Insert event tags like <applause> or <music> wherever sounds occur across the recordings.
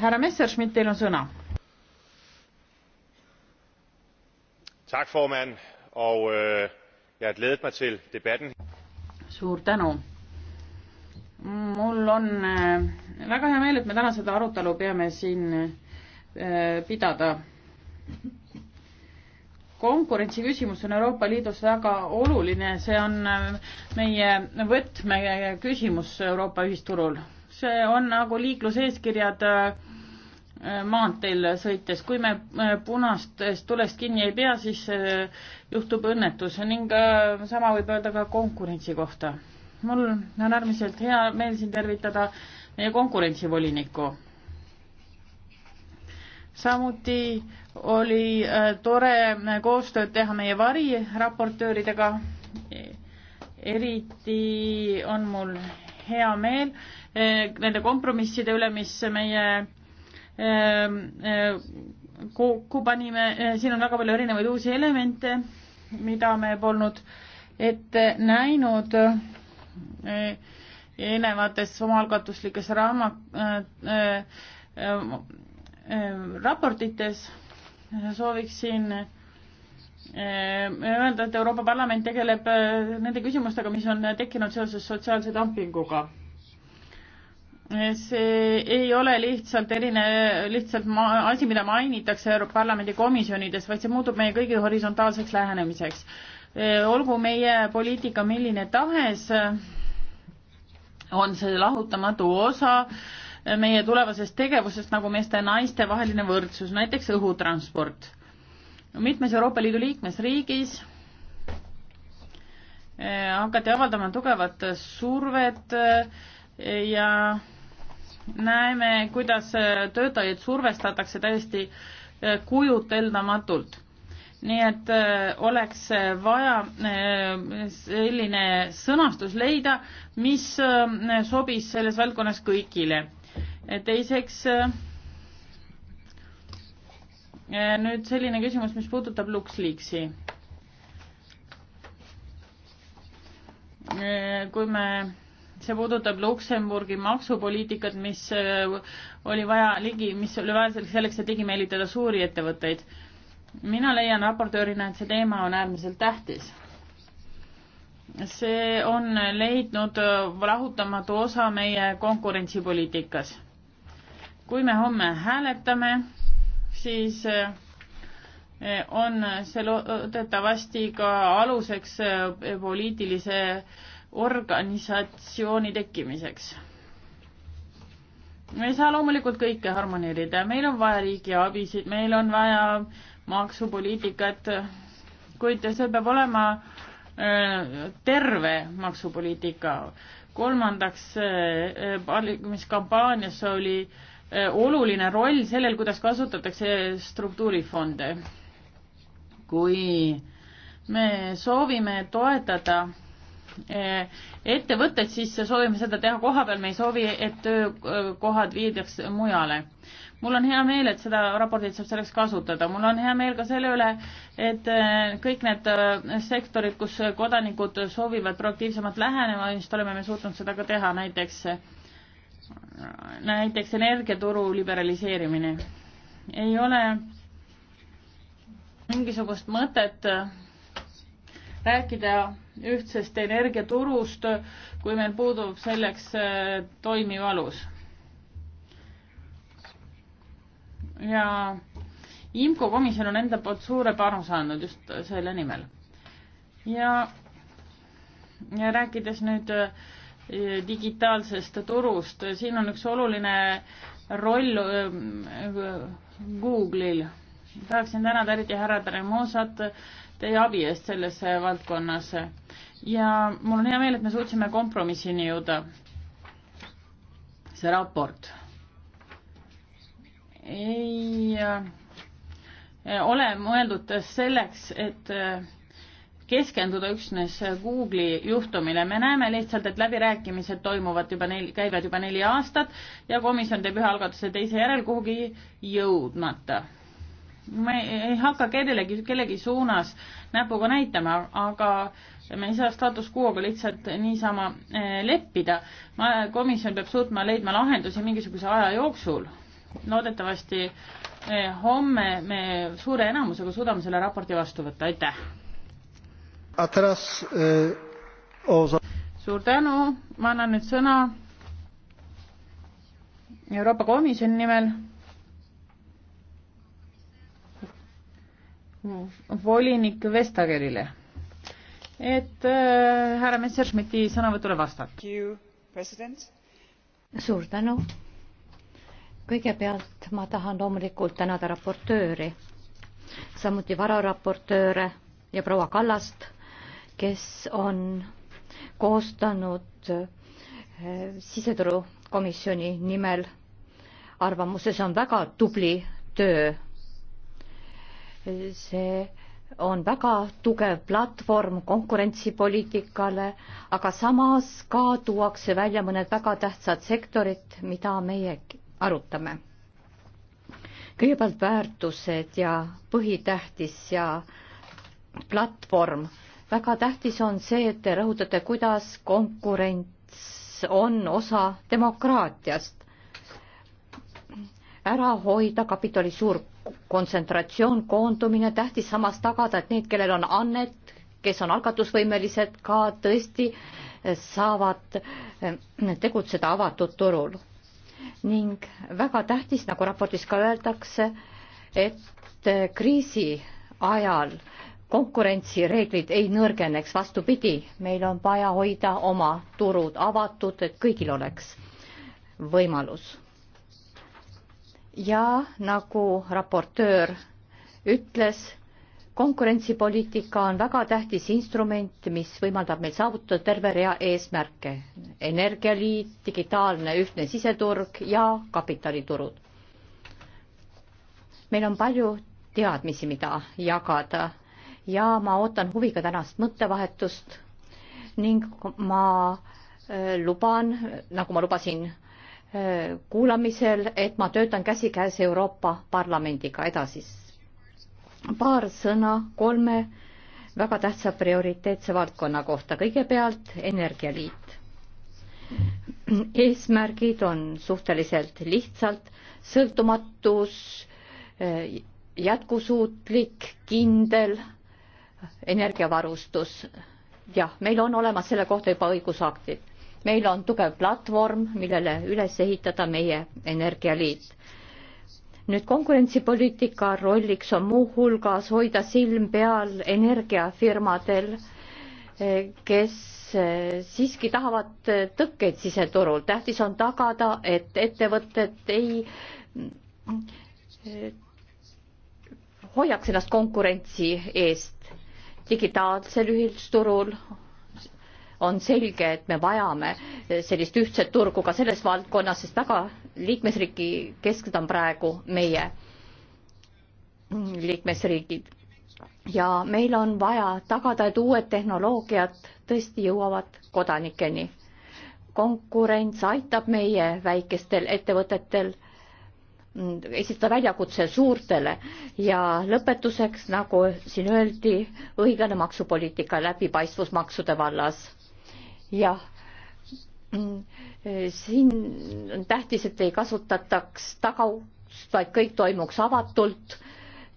härra Messerschmidt, teil on sõna. Øh, suur tänu. mul on äh, väga hea meel, et me täna seda arutelu peame siin äh, pidada. konkurentsi küsimus on Euroopa Liidus väga oluline, see on äh, meie võtmeküsimus Euroopa ühisturul see äh, on nagu liikluseeskirjad äh, äh, maanteel sõites, kui me punastest tulest kinni ei pea, siis juhtub õnnetus ning sama võib öelda ka konkurentsi kohta. mul on äärmiselt hea meel siin tervitada meie konkurentsivolinikku. samuti oli tore koostööd teha meie variraportööridega. eriti on mul hea meel Eh, nende kompromisside üle, mis meie kokku eh, eh, panime, siin on väga palju erinevaid uusi elemente, mida me polnud ette näinud eelnevates omaalgatuslikes raama- äh,, äh, äh, raportites sooviksin öelda, et Euroopa Parlament tegeleb nende küsimustega, mis on tekkinud seoses sotsiaalse dumpinguga see ei ole lihtsalt erine, lihtsalt ma, asi, mida mainitakse Euroopa Parlamendi komisjonides, vaid see muutub meie kõigi horisontaalseks lähenemiseks. Eh, olgu meie poliitika milline tahes, on see lahutamatu osa meie tulevasest tegevusest nagu meeste ja naiste vaheline võrdsus, näiteks õhutransport. mitmes Euroopa Liidu liikmesriigis eh, hakati avaldama tugevat survet eh, ja näeme, kuidas äh, töötajaid survestatakse täiesti äh, kujuteldamatult. nii et äh, oleks vaja selline sõnastus leida, mis sobis selles valdkonnas kõigile. teiseks nüüd selline küsimus, mis puudutab LuxLeaksi. kui me see puudutab Luksemburgi maksupoliitikat, mis äh, oli vaja ligi, mis oli vaja selleks, et ligi meelitada suuri ettevõtteid. mina leian raportöörina, et see teema on äärmiselt tähtis. see on leidnud lahutamatu osa meie konkurentsipoliitikas. kui me homme hääletame, siis äh, on see loodetavasti ka aluseks äh, poliitilise organisatsiooni tekkimiseks. me ei saa loomulikult kõike harmoneerida, meil on vaja riigiabisid, meil on vaja maksupoliitikat, kuid see peab olema äh, terve maksupoliitika. kolmandaks, äh, valimiskampaanias oli äh, oluline roll sellel, kuidas kasutatakse struktuurifonde. kui me soovime toetada Eh, ettevõtteid, siis soovime seda teha kohapeal, me ei soovi, et töökohad viidaks mujale. mul on hea meel, et seda raportit saab selleks kasutada, mul on hea meel ka selle üle, et eh, kõik need eh, sektorid, kus kodanikud soovivad proaktiivsemat lähenemist, oleme me suutnud seda ka teha, näiteks näiteks energiaturu liberaliseerimine. ei ole mingisugust mõtet rääkida ühtsest energiaturust, kui meil puudub selleks äh, toimiv alus. ja IMCO komisjon on enda poolt suure panuse andnud just selle nimel. ja, ja rääkides nüüd äh, digitaalsest turust, siin on üks oluline roll äh, Google'il. tahaksin tänada eriti härra Tremosat, teie abi eest selles valdkonnas ja mul on hea meel, et me suutsime kompromissini jõuda. see raport ei eh, ole mõeldud selleks, et eh, keskenduda üksnes Google'i juhtumile, me näeme lihtsalt, et läbirääkimised toimuvad juba neli, käivad juba neli aastat ja komisjon teeb ühe algatuse teise järel kuhugi jõudmata me ei hakka kellelegi, kellegi suunas näpuga näitama, aga me ei saa status quo'ga lihtsalt niisama eh, leppida. komisjon peab suutma leidma lahendusi mingisuguse aja jooksul. loodetavasti eh, homme me suure enamusega suudame selle raporti vastu võtta, aitäh. Eh, suur tänu, ma annan nüüd sõna Euroopa Komisjoni nimel volinik Vestagerile, et äh, härra Messerschmitti sõnavõtule vastata. suur tänu. kõigepealt ma tahan loomulikult tänada raportööri, samuti vararaportööre ja proua Kallast, kes on koostanud äh, siseturukomisjoni nimel arvamuse, see on väga tubli töö see on väga tugev platvorm konkurentsipoliitikale, aga samas ka tuuakse välja mõned väga tähtsad sektorid, mida meie arutame. kõigepealt väärtused ja põhitähtis ja platvorm. väga tähtis on see, et te rõhutate, kuidas konkurents on osa demokraatiast ära hoida kapitali suur kontsentratsioon, koondumine, tähtis samas tagada, et need, kellel on annet, kes on algatusvõimelised, ka tõesti eh, saavad eh, tegutseda avatud turul. ning väga tähtis, nagu raportis ka öeldakse, et eh, kriisi ajal konkurentsireeglid ei nõrgeneks, vastupidi, meil on vaja hoida oma turud avatud, et kõigil oleks võimalus ja nagu raportöör ütles, konkurentsipoliitika on väga tähtis instrument, mis võimaldab meil saavutada terve rea eesmärke. energialiit, digitaalne ühtne siseturg ja kapitaliturud. meil on palju teadmisi, mida jagada ja ma ootan huviga tänast mõttevahetust ning ma äh, luban, nagu ma lubasin kuulamisel, et ma töötan käsikäes Euroopa Parlamendiga edasi. paar sõna kolme väga tähtsa prioriteetse valdkonna kohta. kõigepealt Energialiit. eesmärgid on suhteliselt lihtsalt sõltumatus, jätkusuutlik, kindel energiavarustus. jah, meil on olemas selle kohta juba õigusaktid meil on tugev platvorm, millele üles ehitada meie energialiit. nüüd konkurentsipoliitika rolliks on muuhulgas hoida silm peal energiafirmadel, kes eh, siiski tahavad tõkkeid siseturul. tähtis on tagada, et ettevõtted ei eh, hoiaks ennast konkurentsi eest digitaalsel ühisturul on selge, et me vajame sellist ühtset turgu ka selles valdkonnas, sest väga liikmesriigi kesksed on praegu meie liikmesriigid. ja meil on vaja tagada, et uued tehnoloogiad tõesti jõuavad kodanikeni. konkurents aitab meie väikestel ettevõtetel esitada väljakutse suurtele ja lõpetuseks, nagu siin öeldi, õiglane maksupoliitika läbipaistvus maksude vallas jah, siin on tähtis, et ei kasutataks tagaust, vaid kõik toimuks avatult.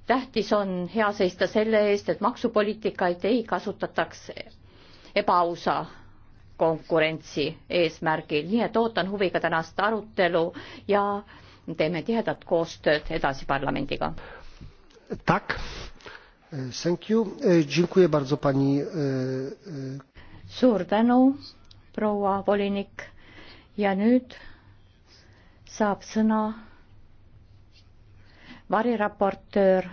tähtis on hea seista selle eest, et maksupoliitikaid ei kasutataks ebaausa konkurentsi eesmärgil, nii et ootan huviga tänast arutelu ja teeme tihedat koostööd edasi parlamendiga. tak, thank you, dziękuję bardzo pani e, e, suur tänu, proua volinik ja nüüd saab sõna variraportöör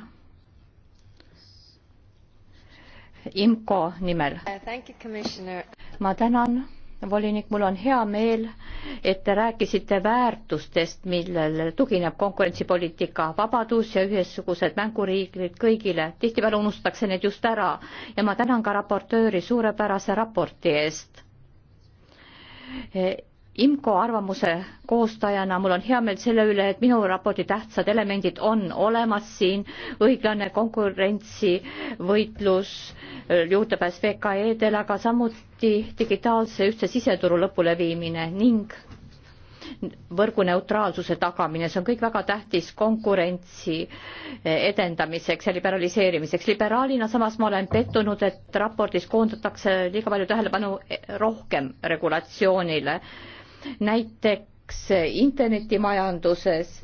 IMCO nimel. Uh, ma tänan volinik, mul on hea meel, et te rääkisite väärtustest, millele tugineb konkurentsipoliitika, vabadus ja ühesugused mängureeglid kõigile. tihtipeale unustatakse need just ära ja ma tänan ka raportööri suurepärase raporti eest IMCO arvamuse koostajana mul on hea meel selle üle, et minu raporti tähtsad elemendid on olemas siin, õiglane konkurentsivõitlus, juurdepääs VKE-del, aga samuti digitaalse ühtse siseturu lõpuleviimine ning võrguneutraalsuse tagamine, see on kõik väga tähtis konkurentsi edendamiseks ja liberaliseerimiseks. liberaalina samas ma olen pettunud, et raportis koondatakse liiga palju tähelepanu rohkem regulatsioonile näiteks internetimajanduses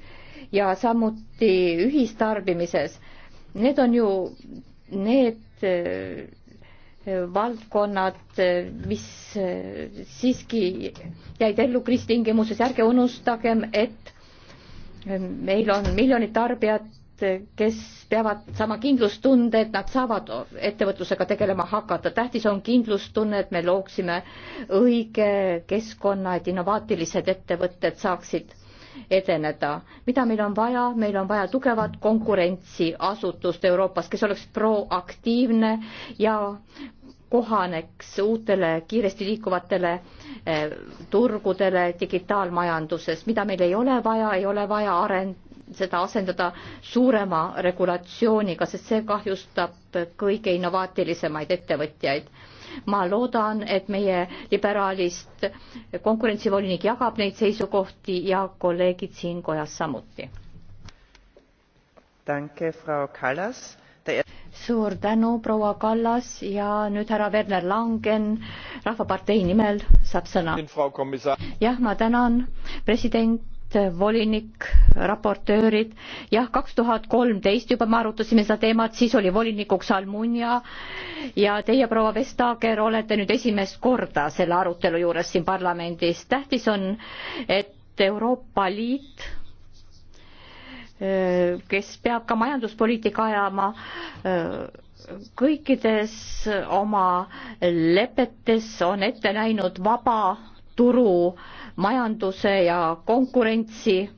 ja samuti ühistarbimises. Need on ju need äh, valdkonnad, mis äh, siiski jäid ellu kriisitingimuses, ärge unustagem, et meil on miljonid tarbijad kes peavad saama kindlustunde, et nad saavad ettevõtlusega tegelema hakata. tähtis on kindlustunne, et me looksime õige keskkonna, et innovaatilised ettevõtted saaksid edeneda. mida meil on vaja, meil on vaja tugevat konkurentsiasutust Euroopas, kes oleks proaktiivne ja kohaneks uutele kiiresti liikuvatele eh, turgudele digitaalmajanduses, mida meil ei ole vaja, ei ole vaja arend-, seda asendada suurema regulatsiooniga, sest see kahjustab kõige innovaatilisemaid ettevõtjaid. ma loodan, et meie liberaalist konkurentsivolinik jagab neid seisukohti ja kolleegid siin kojas samuti. suur tänu, proua Kallas ja nüüd härra Werner Langen Rahvapartei nimel saab sõna. jah, ma tänan, president volinik, raportöörid, jah, kaks tuhat kolmteist juba me arutasime seda teemat, siis oli volinikuks Almunia ja teie, proua Vestager, olete nüüd esimest korda selle arutelu juures siin parlamendis. tähtis on, et Euroopa Liit kes peab ka majanduspoliitika ajama kõikides oma lepetes on ette näinud vaba turu äh, majanduse ja konkurentsi.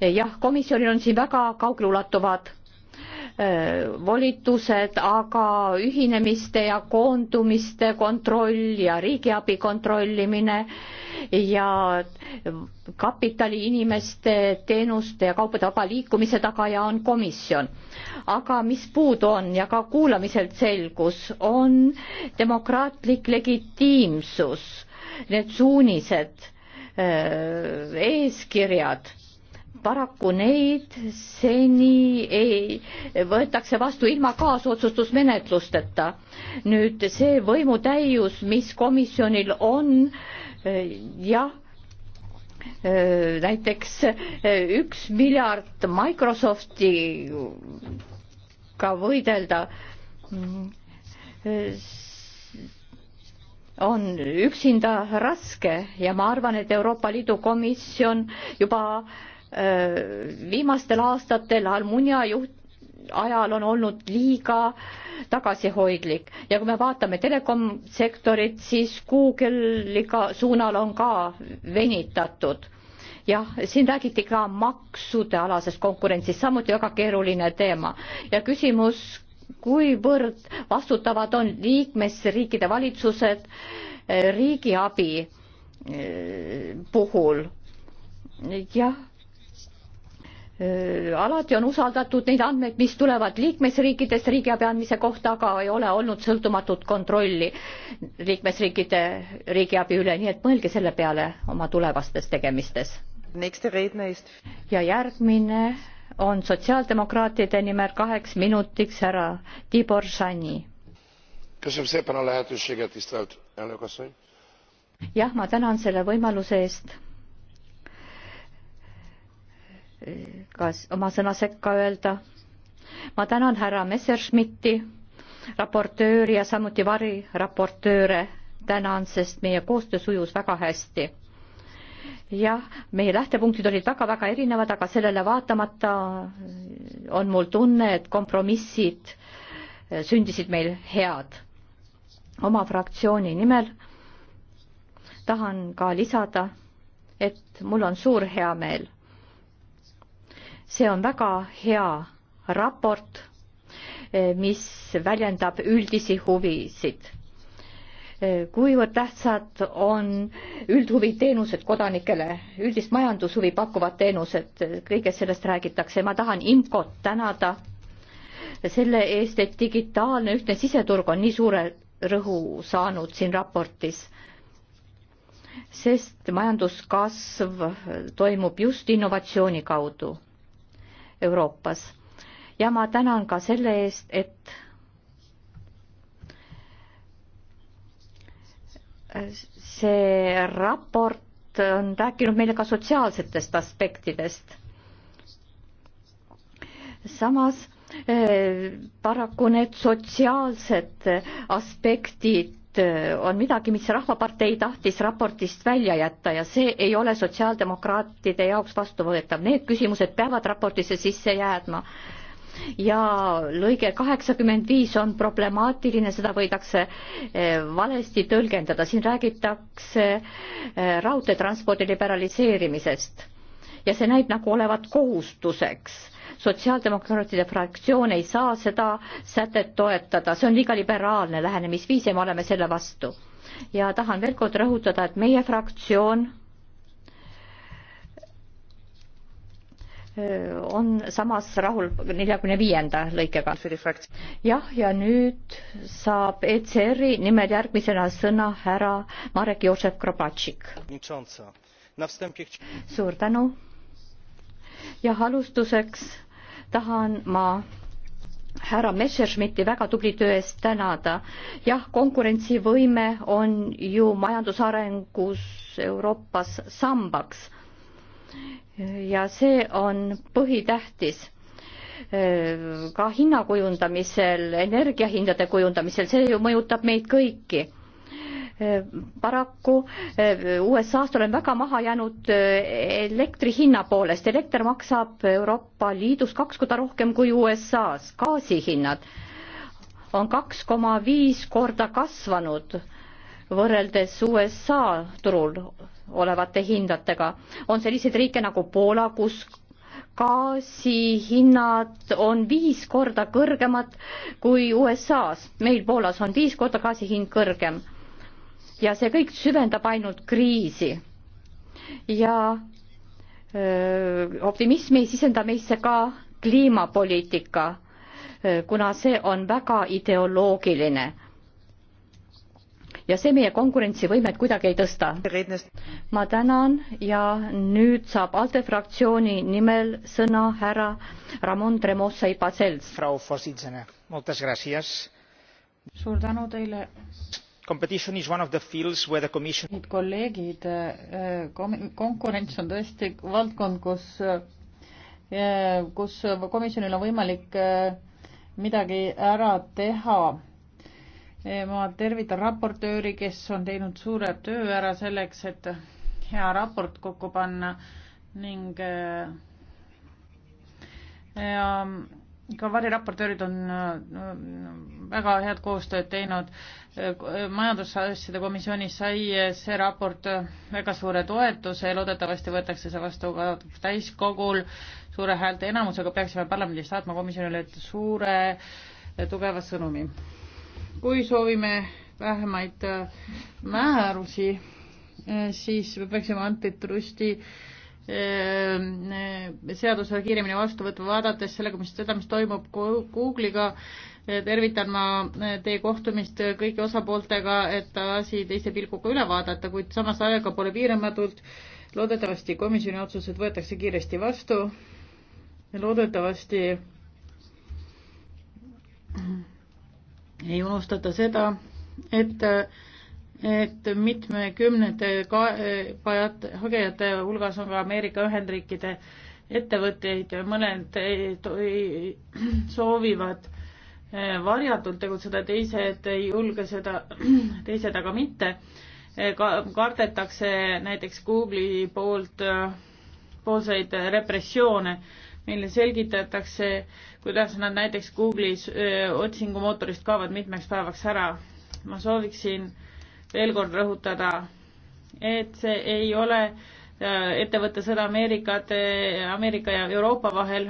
jah, komisjonil on siin väga kaugeleulatuvad äh, volitused, aga ühinemiste ja koondumiste kontroll ja riigiabi kontrollimine ja kapitali, inimeste, teenuste ja kaupade vaba liikumise tagaja on komisjon. aga mis puudu on ja ka kuulamiselt selgus, on demokraatlik legitiimsus need suunised, äh, eeskirjad, paraku neid seni ei, võetakse vastu ilma kaasotsustusmenetlusteta. nüüd see võimutäius, mis komisjonil on, äh, jah, äh, näiteks üks miljard Microsoftiga võidelda, mm, on üksinda raske ja ma arvan, et Euroopa Liidu komisjon juba viimastel aastatel Almunia juht ajal on olnud liiga tagasihoidlik ja kui me vaatame telekom sektorit, siis Google'iga suunal on ka venitatud. jah, siin räägiti ka maksude alasest konkurentsist, samuti väga keeruline teema ja küsimus, kuivõrd vastutavad on liikmesriikide valitsused eh, riigiabi eh, puhul. jah, eh, alati on usaldatud neid andmeid, mis tulevad liikmesriikidest riigiabi andmise kohta, aga ei ole olnud sõltumatut kontrolli liikmesriikide riigiabi üle, nii et mõelge selle peale oma tulevastes tegemistes. ja järgmine on sotsiaaldemokraatide nimel kaheks minutiks härra Tibor Šani. jah, ma tänan selle võimaluse eest kas oma sõna sekka öelda. ma tänan härra Messerschmitti, raportööri ja samuti variraportööre tänan, sest meie koostöö sujus väga hästi jah, meie lähtepunktid olid väga-väga erinevad, aga sellele vaatamata on mul tunne, et kompromissid eh, sündisid meil head. oma fraktsiooni nimel tahan ka lisada, et mul on suur heameel. see on väga hea raport, eh, mis väljendab üldisi huvisid kuivõrd tähtsad on üldhuvid teenused kodanikele, üldist majandushuvi pakkuvad teenused, kõigest sellest räägitakse. ma tahan IMCO-t tänada selle eest, et digitaalne ühtne siseturg on nii suure rõhu saanud siin raportis, sest majanduskasv toimub just innovatsiooni kaudu Euroopas. ja ma tänan ka selle eest, et see raport on rääkinud meile ka sotsiaalsetest aspektidest. samas eh, paraku need sotsiaalsed aspektid eh, on midagi, mis Rahvapartei tahtis raportist välja jätta ja see ei ole sotsiaaldemokraatide jaoks vastuvõetav. Need küsimused peavad raportisse sisse jäädma ja lõige kaheksakümmend viis on problemaatiline, seda võidakse eh, valesti tõlgendada, siin räägitakse eh, raudteetranspordi liberaliseerimisest ja see näib nagu olevat kohustuseks sotsiaaldemokraatide fraktsioon ei saa seda sätet toetada, see on liiga liberaalne lähenemisviis ja me oleme selle vastu. ja tahan veel kord rõhutada, et meie fraktsioon on samas rahul neljakümne viienda lõikega. jah, ja nüüd saab ECR-i nimel järgmisena sõna härra Marek Joosep Krobatšik. suur tänu. jah, alustuseks tahan ma härra Messerschmitti väga tubli töö eest tänada. jah, konkurentsivõime on ju majandusarengus Euroopas sambaks ja see on põhitähtis äh, ka hinna kujundamisel, energiahindade kujundamisel, see ju mõjutab meid kõiki äh, paraku äh, USA-st olen väga maha jäänud elektri hinna poolest. elekter maksab Euroopa Liidus kaks korda rohkem kui USA-s. gaasihinnad on kaks koma viis korda kasvanud võrreldes USA turul olevate hindadega. on selliseid riike nagu Poola, kus gaasihinnad on viis korda kõrgemad kui USA-s. meil Poolas on viis korda gaasi hind kõrgem. ja see kõik süvendab ainult kriisi. ja öö, optimismi ei sisenda meisse ka kliimapoliitika, kuna see on väga ideoloogiline ja see meie konkurentsivõimet kuidagi ei tõsta. ma tänan ja nüüd saab ALDE fraktsiooni nimel sõna härra Ramon Tremosa Ipacels. suur tänu teile competition is one of the fields where the commission Nüüd kolleegid, eh, konkurents on tõesti valdkond, kus, eh, kus komisjonil on võimalik eh, midagi ära teha Eh, ma tervitan raportööri, kes on teinud suure töö ära selleks, et hea raport kokku panna ning eh, ja ka variraportöörid on eh, väga head koostööd teinud. majandusasjade komisjonis sai see raport väga suure toetuse ja loodetavasti võetakse see vastu ka täiskogul suure häälte enamusega. peaksime parlamendis saatma komisjonile suure tugeva sõnumi kui soovime vähemaid äh, määrusi, äh, siis peaksime antitrusti äh, seaduse kiiremini vastu võtma, vaadates sellega, mis, seda, mis toimub Google'iga, tervitan ma teie kohtumist kõigi osapooltega, et asi teise pilguga üle vaadata, kuid samas aega pole piiramatult. loodetavasti komisjoni otsused võetakse kiiresti vastu. loodetavasti ei unustata seda, et et mitmekümnete kaebajate, hagejate hulgas on ka Ameerika Ühendriikide ettevõtteid, mõned ei, ei, <clears throat> soovivad eh, varjatult tegutseda, teised ei julge seda, <clears throat> teised aga mitte. Eh, ka kardetakse näiteks Google'i poolt, eh, poolseid repressioone neile selgitatakse, kuidas nad näiteks Google'is öö, otsingumootorist kaovad mitmeks päevaks ära. ma sooviksin veel kord rõhutada, et see ei ole ettevõtte sõda Ameerikat, Ameerika ja Euroopa vahel.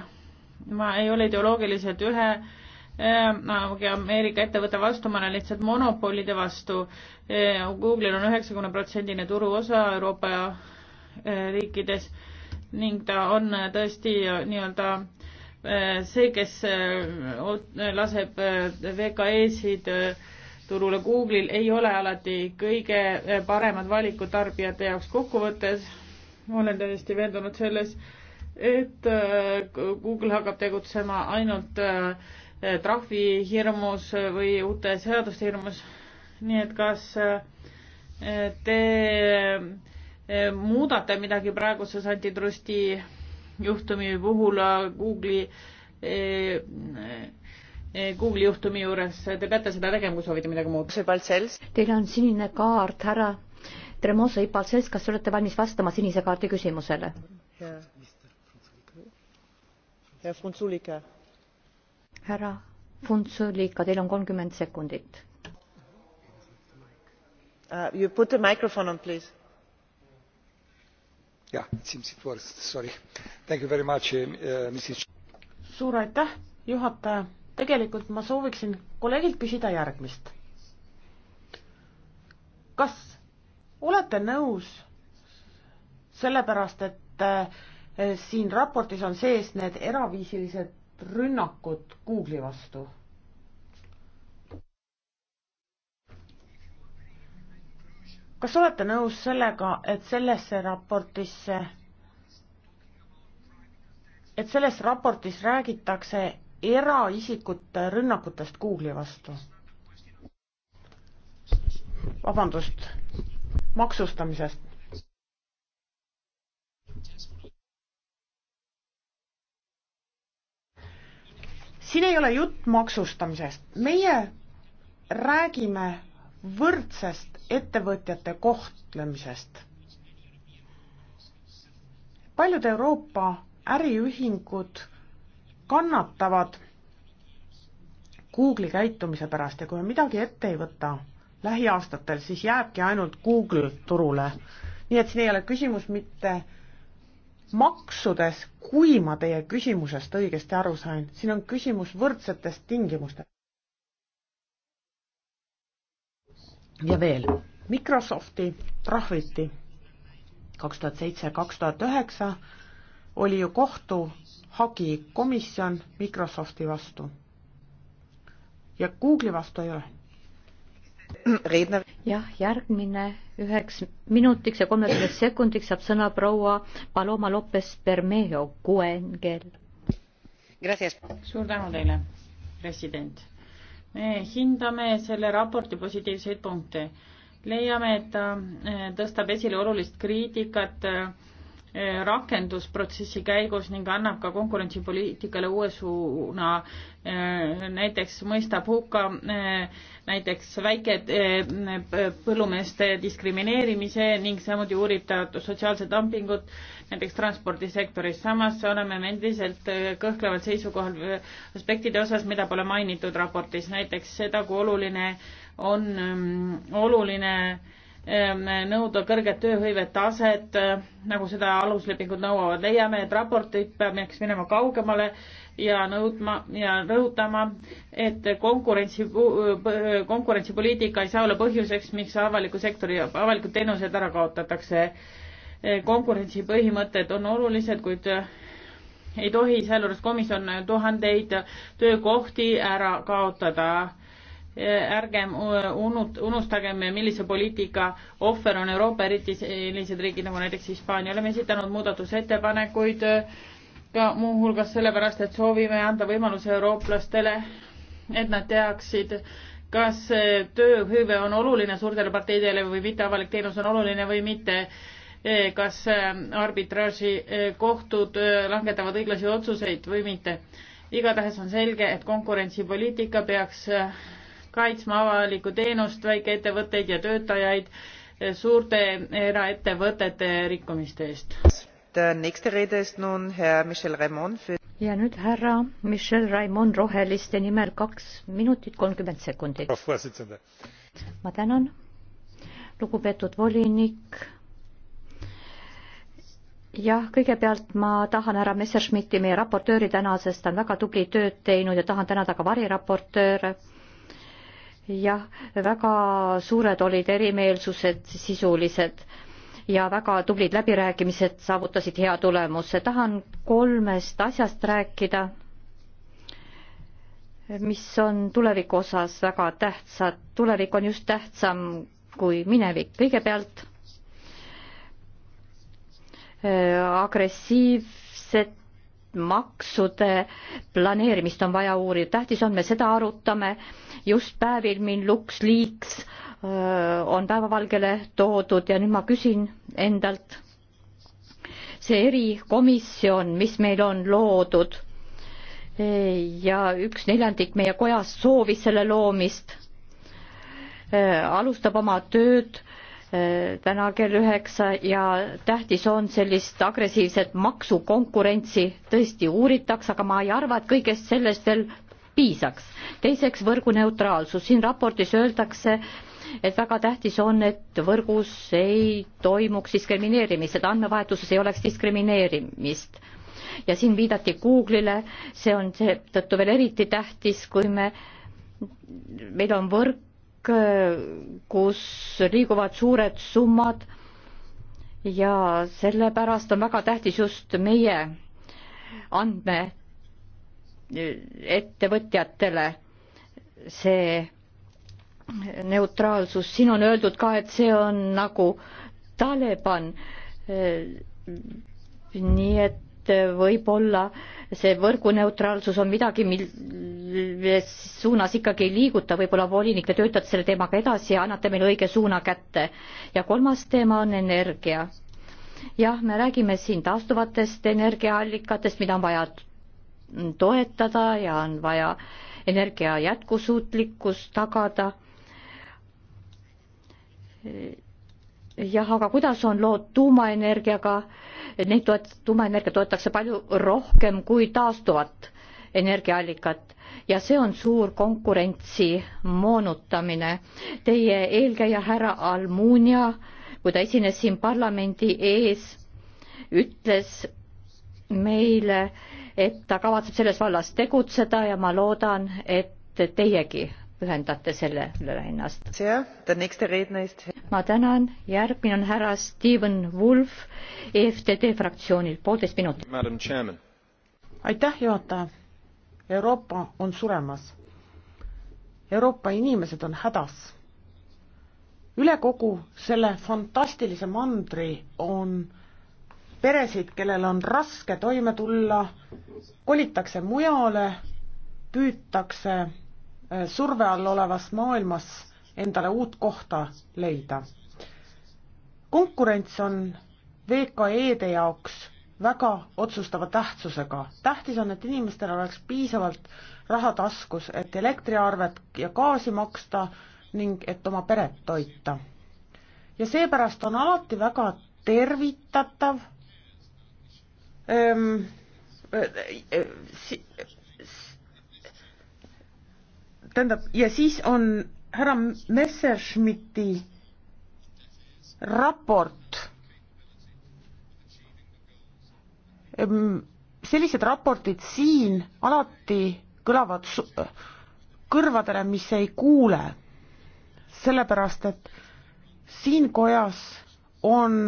ma ei ole ideoloogiliselt ühe nagu Ameerika ettevõtte vastu, ma olen lihtsalt monopolide vastu. Google'il on üheksakümne protsendine turuosa Euroopa riikides ning ta on tõesti äh, nii-öelda äh, see, kes äh, laseb VKE-sid turule Google'il ei ole alati kõige paremad valikud tarbijate jaoks kokkuvõttes. olen täiesti veendunud selles, et Google hakkab tegutsema ainult trahvi hirmus või uute seaduste hirmus. nii et kas te Eh, muudate midagi praeguses antitrusti juhtumi puhul äh, Google'i eh, eh, Google'i juhtumi juures, te peate seda tegema, kui soovite midagi muud. Teil on sinine kaart, härra Tremosa Ipalsels, kas te olete valmis vastama sinise kaardi küsimusele? härra Funtsulika, teil on kolmkümmend sekundit uh,. You put the microphone on please Uh, uh, suur aitäh, juhataja. tegelikult ma sooviksin kolleegilt küsida järgmist. kas olete nõus sellepärast, et äh, siin raportis on sees need eraviisilised rünnakud Google'i vastu? kas olete nõus sellega, et sellesse raportisse, et selles raportis räägitakse eraisikute rünnakutest Google'i vastu? vabandust, maksustamisest. siin ei ole jutt maksustamisest, meie räägime võrdsest ettevõtjate kohtlemisest. paljud Euroopa äriühingud kannatavad Google'i käitumise pärast ja kui me midagi ette ei võta lähiaastatel, siis jääbki ainult Google turule. nii et siin ei ole küsimus mitte maksudes, kui ma teie küsimusest õigesti aru sain, siin on küsimus võrdsetest tingimustest. ja veel Microsofti trahviti kaks tuhat seitse, kaks tuhat üheksa oli ju kohtuhagi komisjon Microsofti vastu. ja Google'i vastu ei ole. jah, järgmine üheks minutiks ja kolmekümneks sekundiks saab sõna proua Paloma Lopes Bermejo, QNGL. suur tänu teile, president me hindame selle raporti positiivseid punkte. leiame, et ta eh, tõstab esile olulist kriitikat eh, rakendusprotsessi käigus ning annab ka konkurentsipoliitikale uue suuna. Äh, näiteks mõistab hukka äh, näiteks väike äh, põllumeeste diskrimineerimise ning samuti uurib ta sotsiaalset dumpingut näiteks transpordisektoris. samas oleme me endiselt kõhkleval seisukohal aspektide osas, mida pole mainitud raportis, näiteks seda, kui oluline on mm, oluline Ähm, nõuda kõrget tööhõive taset, äh, nagu seda aluslepingud nõuavad. leiame, et raportid peaks minema kaugemale ja nõudma ja rõhutama, et konkurentsi, äh, konkurentsipoliitika ei saa olla põhjuseks, miks avaliku sektori, avalikud teenused ära kaotatakse. Äh, konkurentsipõhimõtted on olulised, kuid ei tohi sealjuures komisjon tuhandeid töökohti ära kaotada Eh, ärgem unut-, unustagem, millise poliitika ohver on Euroopa, eriti sellised riigid nagu näiteks Hispaania. oleme esitanud muudatusettepanekuid eh, ka muuhulgas sellepärast, et soovime anda võimaluse eurooplastele, et nad teaksid, kas eh, tööhõive on oluline suurtele parteidele või mitte, avalik teenus on oluline või mitte, kas arbitraaži kohtud langetavad õiglasi otsuseid või mitte. igatahes on selge, et konkurentsipoliitika peaks kaitsma avalikku teenust, väikeettevõtteid ja töötajaid eh, suurte eraettevõtete rikkumiste eest. ja nüüd härra Michel Raimond Roheliste nimel kaks minutit kolmkümmend sekundit. ma tänan, lugupeetud volinik jah, kõigepealt ma tahan härra Messerschmitti, meie raportööri täna, sest ta on väga tubli tööd teinud ja tahan tänada ka variraportööre jah, väga suured olid erimeelsused sisulised ja väga tublid läbirääkimised saavutasid hea tulemuse. tahan kolmest asjast rääkida, mis on tuleviku osas väga tähtsad. tulevik on just tähtsam kui minevik. kõigepealt äh, agressiivset maksude planeerimist on vaja uurida, tähtis on, me seda arutame just päevil, mil LuxLeaks on päevavalgele toodud ja nüüd ma küsin endalt, see erikomisjon, mis meil on loodud ja üks neljandik meie kojast soovis selle loomist, alustab oma tööd Äh, täna kell üheksa ja tähtis on sellist agressiivset maksukonkurentsi tõesti uuritaks, aga ma ei arva, et kõigest sellest veel piisaks. teiseks võrguneutraalsus, siin raportis öeldakse, et väga tähtis on, et võrgus ei toimuks diskrimineerimised, andmevahetuses ei oleks diskrimineerimist. ja siin viidati Google'ile, see on seetõttu veel eriti tähtis, kui me, meil on võrk, kus liiguvad suured summad ja sellepärast on väga tähtis just meie andmeettevõtjatele see neutraalsus, siin on öeldud ka, et see on nagu Taliban. nii et et võib-olla see võrguneutraalsus on midagi, milles suunas ikkagi ei liiguta, võib-olla volinik, te töötate selle teemaga edasi ja annate meile õige suuna kätte. ja kolmas teema on energia. jah, me räägime siin taastuvatest energiaallikatest, mida on vaja toetada ja on vaja energia jätkusuutlikkus tagada jah, aga kuidas on lood tuumaenergiaga, neid toet-, tuumaenergia toetatakse palju rohkem kui taastuvat energiaallikat ja see on suur konkurentsi moonutamine. Teie eelkäija härra Almunia, kui ta esines siin parlamendi ees, ütles meile, et ta kavatseb selles vallas tegutseda ja ma loodan, et teiegi pühendate sellele ennast. ma tänan, järgmine on härra Steven Wolf EFTD fraktsioonilt, poolteist minutit. aitäh, juhataja. Euroopa on suremas. Euroopa inimesed on hädas. üle kogu selle fantastilise mandri on peresid, kellel on raske toime tulla, kolitakse mujale, püütakse surve all olevas maailmas endale uut kohta leida. konkurents on VKE-de jaoks väga otsustava tähtsusega. tähtis on, et inimestel oleks piisavalt raha taskus, et elektriarvet ja gaasi maksta ning et oma peret toita. ja seepärast on alati väga tervitatav ähm, tähendab, ja siis on härra Messerschmitti raport. sellised raportid siin alati kõlavad kõrvadele, mis ei kuule, sellepärast et siin kojas on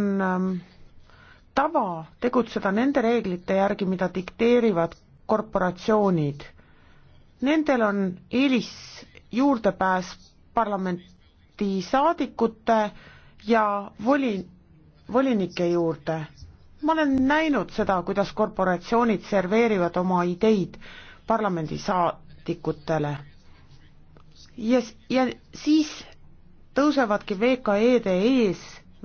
tava tegutseda nende reeglite järgi, mida dikteerivad korporatsioonid nendel on eelis juurdepääs parlamenti saadikute ja voli, volinike juurde. ma olen näinud seda, kuidas korporatsioonid serveerivad oma ideid parlamendi saadikutele. ja, ja siis tõusevadki VKE-de ees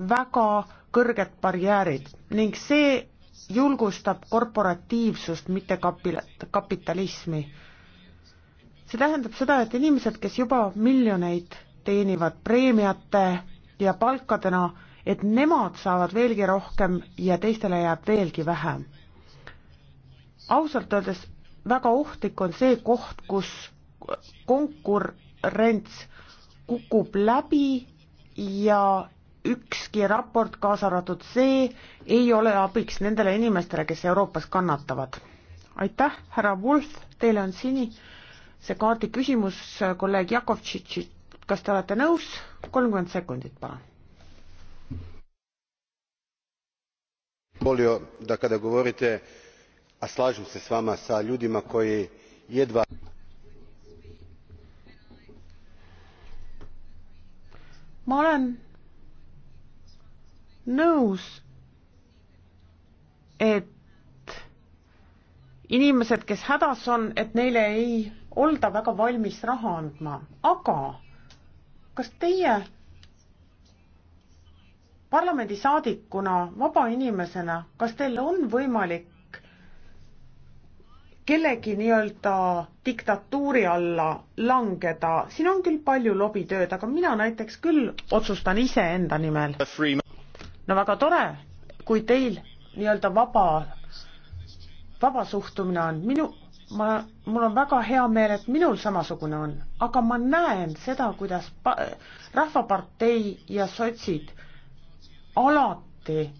väga kõrged barjäärid ning see julgustab korporatiivsust, mitte kapil-, kapitalismi see tähendab seda, et inimesed, kes juba miljoneid teenivad preemiate ja palkadena, et nemad saavad veelgi rohkem ja teistele jääb veelgi vähem. ausalt öeldes väga ohtlik on see koht, kus konkurents kukub läbi ja ükski raport, kaasa arvatud see, ei ole abiks nendele inimestele, kes Euroopas kannatavad. aitäh, härra Wolf, teile on sini see kaardi küsimus kolleeg Jakovtšitšilt, kas te olete nõus? kolmkümmend sekundit, palun. volio da kada govorite a slažem se s vama sa ljudima koji jedva ma olen nõus et inimesed kes hädas on et neile ei olda väga valmis raha andma, aga kas teie parlamendisaadikuna, vaba inimesena, kas teil on võimalik kellegi nii-öelda diktatuuri alla langeda, siin on küll palju lobitööd, aga mina näiteks küll otsustan iseenda nimel. no väga tore, kui teil nii-öelda vaba, vaba suhtumine on, minu, ma, mul on väga hea meel, et minul samasugune on, aga ma näen seda, kuidas pa-, Rahvapartei ja sotsid alati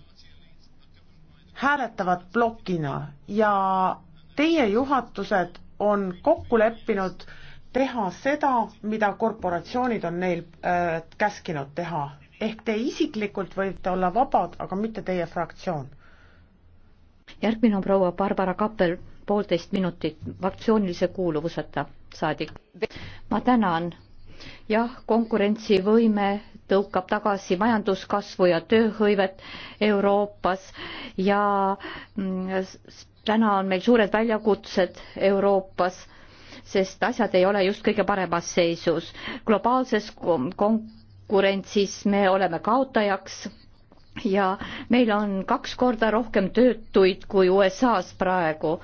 hääletavad plokina ja teie juhatused on kokku leppinud teha seda, mida korporatsioonid on neil äh, käskinud teha. ehk te isiklikult võite olla vabad, aga mitte teie fraktsioon. järgmine on proua Barbara Kappel poolteist minutit fraktsioonilise kuuluvuseta saadik. ma tänan. jah, konkurentsivõime tõukab tagasi majanduskasvu ja tööhõivet Euroopas ja mm, täna on meil suured väljakutsed Euroopas, sest asjad ei ole just kõige paremas seisus. globaalses konkurentsis me oleme kaotajaks ja meil on kaks korda rohkem töötuid kui USA-s praegu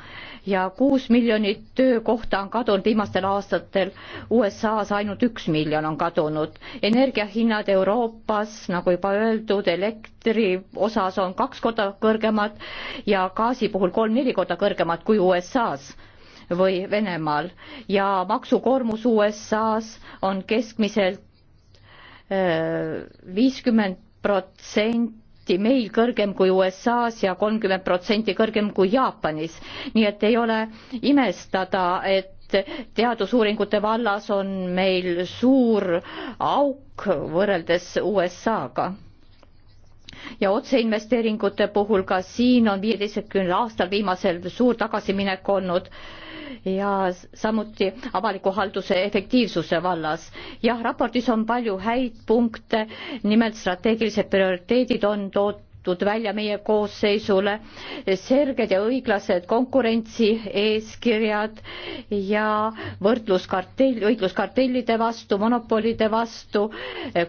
ja kuus miljonit töökohta on kadunud viimastel aastatel, USA-s ainult üks miljon on kadunud. energiahinnad Euroopas, nagu juba öeldud, elektri osas on kaks korda kõrgemad ja gaasi puhul kolm-neli korda kõrgemad kui USA-s või Venemaal ja maksukoormus USA-s on keskmiselt äh, viiskümmend protsenti protsenti meil kõrgem kui USA-s ja kolmkümmend protsenti kõrgem kui Jaapanis. nii et ei ole imestada, et teadusuuringute vallas on meil suur auk võrreldes USA-ga ja otseinvesteeringute puhul ka siin on viieteistkümnel aastal viimasel suur tagasiminek olnud ja samuti avaliku halduse efektiivsuse vallas. jah, raportis on palju häid punkte, nimelt strateegilised prioriteedid on toodud välja meie koosseisule, selged ja õiglased konkurentsieeskirjad ja võrdluskartell, õigluskartellide vastu, monopolide vastu,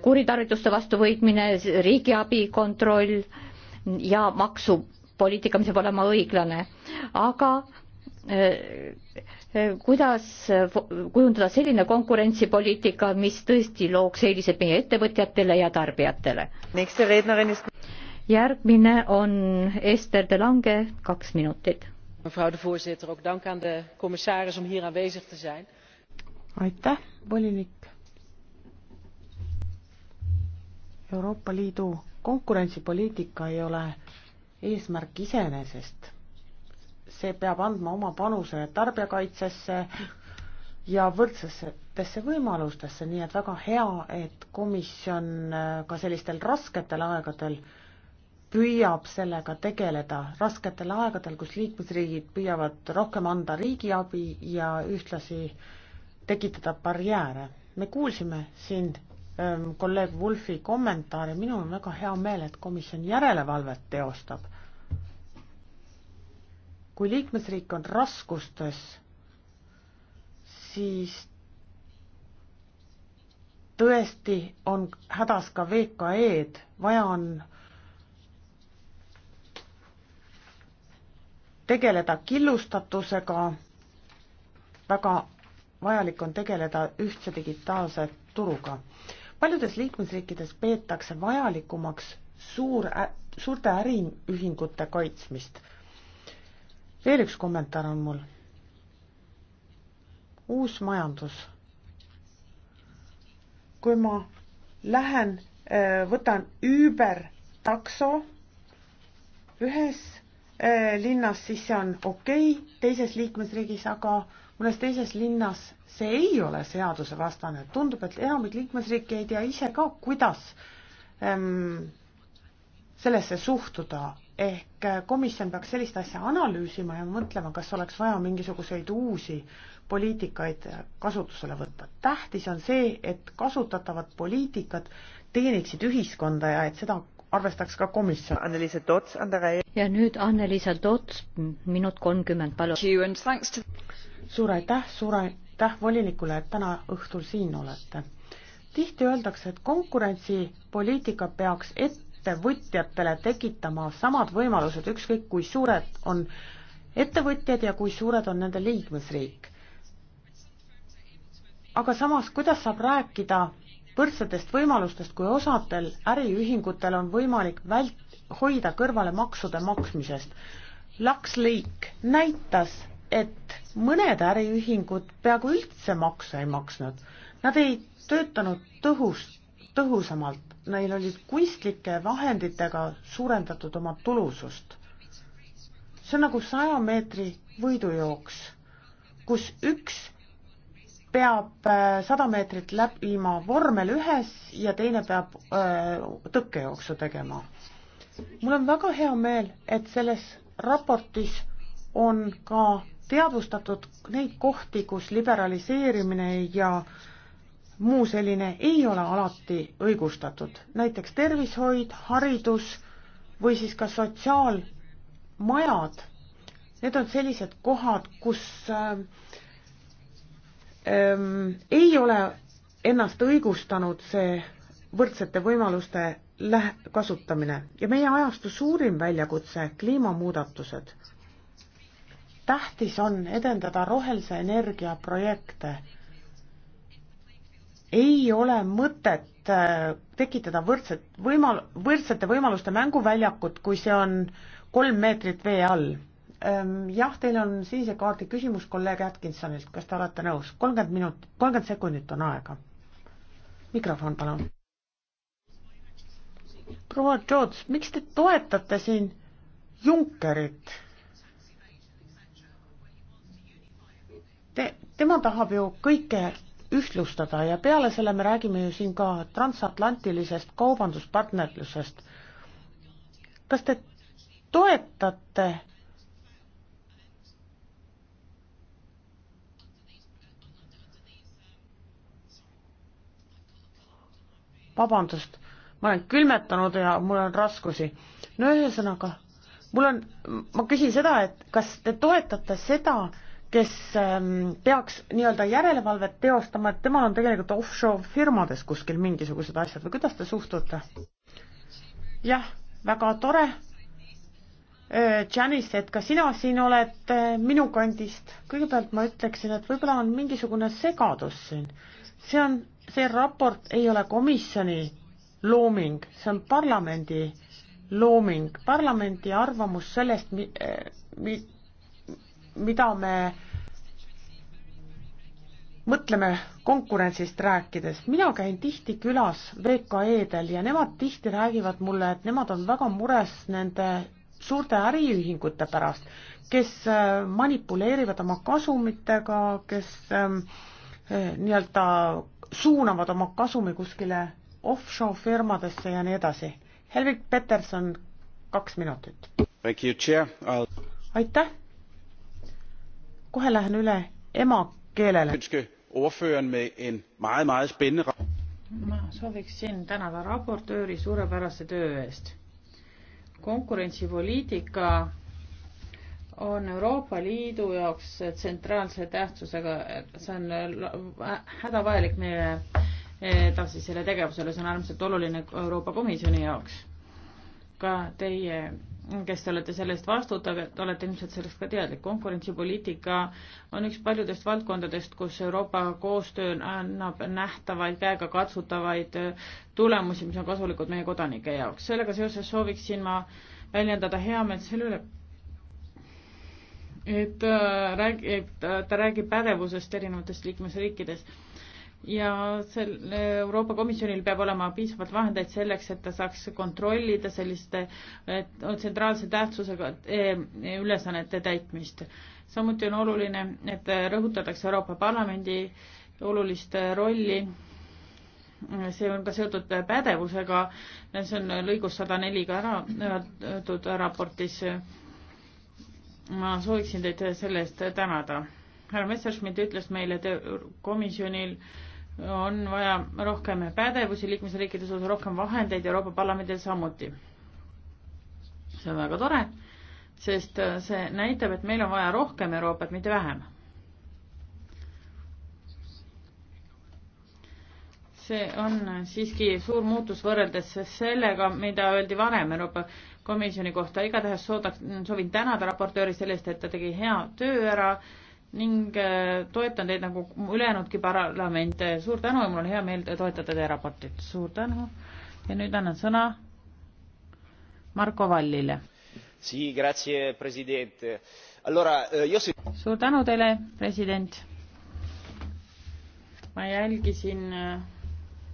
kuritarvituste vastu võitmine, riigiabi kontroll ja maksupoliitika, mis peab olema õiglane. aga Äh, äh, kuidas äh, kujundada selline konkurentsipoliitika, mis tõesti looks eelised meie ettevõtjatele ja tarbijatele. järgmine on Ester De Lange, kaks minutit. aitäh, volinik. Euroopa Liidu konkurentsipoliitika ei ole eesmärk iseenesest see peab andma oma panuse tarbijakaitsesse ja võrdsetesse võimalustesse, nii et väga hea, et komisjon äh, ka sellistel rasketel aegadel püüab sellega tegeleda, rasketel aegadel, kus liikmesriigid püüavad rohkem anda riigiabi ja ühtlasi tekitada barjääre. me kuulsime siin ähm, kolleeg Wulfi kommentaari, minul on väga hea meel, et komisjon järelevalvet teostab kui liikmesriik on raskustes, siis tõesti on hädas ka VKE-d, vaja on tegeleda killustatusega, väga vajalik on tegeleda ühtse digitaalse turuga. paljudes liikmesriikides peetakse vajalikumaks suur, suurte äriühingute kaitsmist veel üks kommentaar on mul. uus majandus. kui ma lähen, äh, võtan Uber takso ühes äh, linnas, siis see on okei okay,, teises liikmesriigis aga mõnes teises linnas see ei ole seadusevastane, tundub, et enamik liikmesriike ei tea ise ka, kuidas ähm, sellesse suhtuda ehk äh, komisjon peaks sellist asja analüüsima ja mõtlema, kas oleks vaja mingisuguseid uusi poliitikaid äh, kasutusele võtta. tähtis on see, et kasutatavad poliitikad teeniksid ühiskonda ja et seda arvestaks ka komisjon. ja nüüd Anneliisa Tots, minut kolmkümmend, palun. suur aitäh, suur aitäh volinikule, et täna õhtul siin olete. tihti öeldakse, et konkurentsipoliitika peaks ette ettevõtjatele tekitama samad võimalused, ükskõik kui suured on ettevõtjad ja kui suured on nende liikmesriik. aga samas, kuidas saab rääkida võrdsetest võimalustest, kui osadel äriühingutel on võimalik vält-, hoida kõrvale maksude maksmisest? Luxleak näitas, et mõned äriühingud peaaegu üldse makse ei maksnud. Nad ei töötanud tõhust tõhusamalt. Neil olid kunstlike vahenditega suurendatud oma tulusust. see on nagu saja meetri võidujooks, kus üks peab äh, sada meetrit läbima vormel ühes ja teine peab öö, äh, tõkkejooksu tegema. mul on väga hea meel, et selles raportis on ka teadvustatud neid kohti, kus liberaliseerimine ja öö, muu selline ei ole alati õigustatud, näiteks tervishoid, haridus või siis ka sotsiaalmajad. Need on sellised kohad, kus äh, ähm, ei ole ennast õigustanud see võrdsete võimaluste lähe-, kasutamine ja meie ajastu suurim väljakutse, kliimamuudatused. tähtis on edendada rohelise energia projekte ei ole mõtet äh, tekitada võrdset võimal-, võrdsete võimaluste mänguväljakut, kui see on kolm meetrit vee all. Ehm, jah, teil on sinise kaardi küsimus kolleeg Atkinsonilt, kas te olete nõus? kolmkümmend minut-, kolmkümmend sekundit on aega. mikrofon, palun. proua George, miks te toetate siin Junckerit? Te, tema tahab ju kõike ühtlustada ja peale selle me räägime ju siin ka transatlantilisest kaubanduspartnerlusest. kas te toetate vabandust, ma olen külmetanud ja mul on raskusi. no ühesõnaga, mul on, ma küsin seda, et kas te toetate seda, kes ähm, peaks nii-öelda järelevalvet teostama, et temal on tegelikult offshore firmades kuskil mingisugused asjad või kuidas te suhtute? jah, väga tore. Äh, Janice, et ka sina siin oled äh, minu kandist. kõigepealt ma ütleksin, et võib-olla on mingisugune segadus siin. see on, see raport ei ole komisjoni looming, see on parlamendi looming, parlamendi arvamus sellest, mi-, äh, mi-, mida me mõtleme konkurentsist rääkides, mina käin tihti külas VKE-del ja nemad tihti räägivad mulle, et nemad on väga mures nende suurte äriühingute pärast, kes äh, manipuleerivad oma kasumitega, kes ähm, äh, nii-öelda suunavad oma kasumi kuskile offshore firmadesse ja nii edasi. Helvik Peterson, kaks minutit. aitäh kohe lähen üle emakeelele. ma sooviksin tänada raportööri suurepärase töö eest. konkurentsipoliitika on Euroopa Liidu jaoks tsentraalse tähtsusega, see on äh, hädavajalik meie äh, edasisele tegevusele, see on äärmiselt oluline Euroopa Komisjoni jaoks. ka teie kes te olete selle eest vastutav, et olete ilmselt sellest ka teadlik. konkurentsipoliitika on üks paljudest valdkondadest, kus Euroopa koostöö annab nähtavaid, käegakatsutavaid tulemusi, mis on kasulikud meie kodanike jaoks. sellega seoses sooviksin ma väljendada heameelt selle üle, et äh, räägi, et äh, ta räägib pädevusest erinevates liikmesriikides ja sel Euroopa Komisjonil peab olema piisavalt vahendeid selleks, et ta saaks kontrollida selliste tsentraalse tähtsusega eh, ülesannete täitmist. samuti on oluline, et rõhutatakse Euroopa Parlamendi olulist rolli. see on ka seotud pädevusega, see on lõigus sada neli ka ära öeldud raportis. ma sooviksin teid selle eest tänada. härra Messerschmidt ütles meile, et komisjonil äh, on vaja rohkem pädevusi liikmesriikides, rohkem vahendeid, Euroopa Parlamendil samuti. see on väga tore, sest see näitab, et meil on vaja rohkem Euroopat, mitte vähem. see on siiski suur muutus võrreldes sellega, mida öeldi varem Euroopa Komisjoni kohta, igatahes soodak-, soovin tänada raportööri selle eest, et ta tegi hea töö ära äh, ning äh, toetan teid nagu ülejäänudki parlamente. suur tänu ja mul on hea meel toetada teie raportit. suur tänu ja nüüd annan sõna Marko Vallile. Eh, suur tänu teile, president. ma jälgisin äh,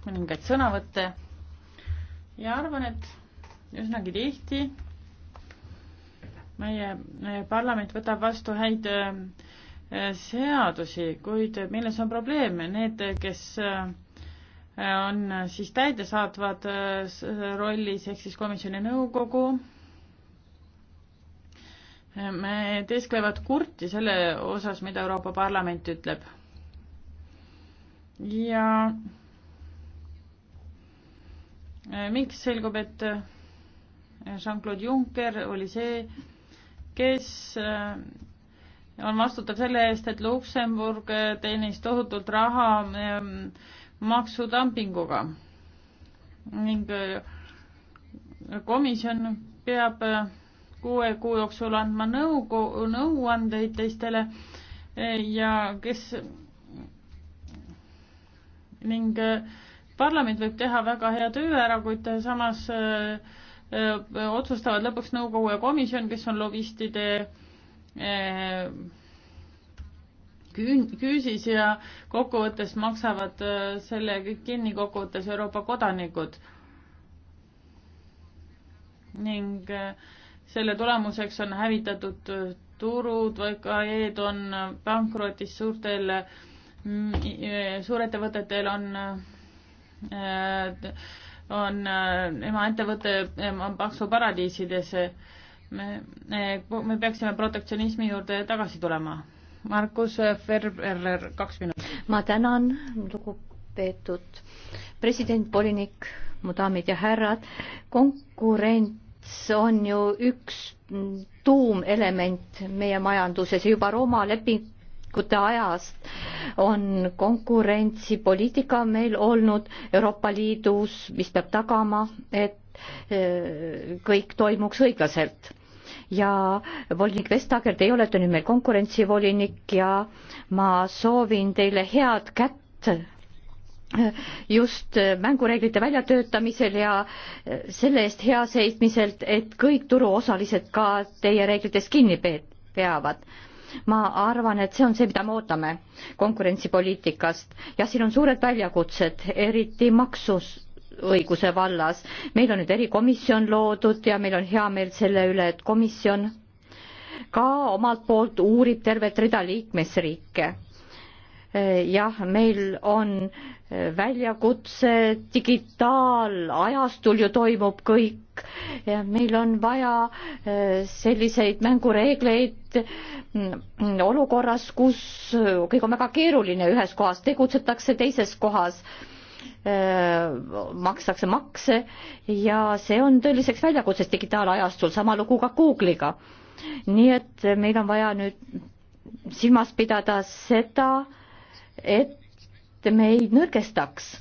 mõningaid sõnavõtte ja arvan, et üsnagi tihti meie parlament võtab vastu häid äh, seadusi, kuid milles on probleem, need, kes äh, on siis täidesaatvad äh, rollis ehk siis komisjoni nõukogu, äh, me teesklevad kurti selle osas, mida Euroopa Parlament ütleb. ja miks selgub, et Jean-Claude Juncker oli see, kes on vastutav selle eest, et Luksemburg teenis tohutult raha ähm, maksudumpinguga ning äh, komisjon peab äh, kuue kuu jooksul andma nõugu, nõuandeid teistele äh, ja kes ning parlament võib teha väga hea töö ära, kuid samas öö, öö, otsustavad lõpuks nõukogu ja komisjon, kes on lobistide öö, Äh, küün-, küüsis ja kokkuvõttes maksavad äh, selle kõik kinni kokkuvõttes Euroopa kodanikud. ning äh, selle tulemuseks on hävitatud turud, VKE-d on pankrotis suurtel, mm, suurettevõtetel on on ema ettevõte maksuparadiisides me, eh, me peaksime protektsionismi juurde tagasi tulema. Markus Ferber, kaks minutit. ma tänan, lugupeetud president, volinik, mu daamid ja härrad. konkurents on ju üks tuumelement meie majanduses ja juba Rooma lepingute ajast on konkurentsipoliitika meil olnud Euroopa Liidus, mis peab tagama, et eh, kõik toimuks õiglaselt ja volinik Vestager, teie olete nüüd meil konkurentsivolinik ja ma soovin teile head kätt just mängureeglite väljatöötamisel ja selle eest hea seismiselt, et kõik turuosalised ka teie reeglitest kinni peavad ma arvan, et see on see, mida me ootame konkurentsipoliitikast ja siin on suured väljakutsed, eriti maksus, õiguse vallas. meil on nüüd erikomisjon loodud ja meil on hea meel selle üle, et komisjon ka omalt poolt uurib tervet rida liikmesriike. jah, meil on väljakutse, digitaalajastul ju toimub kõik ja meil on vaja e, selliseid mängureegleid olukorras, kus kõik on väga keeruline, ühes kohas tegutsetakse, teises kohas äh, makstakse makse ja see on tõeliseks väljakutseks digitaalajastul, sama lugu ka Google'iga. nii et meil on vaja nüüd silmas pidada seda, et me ei nõrgestaks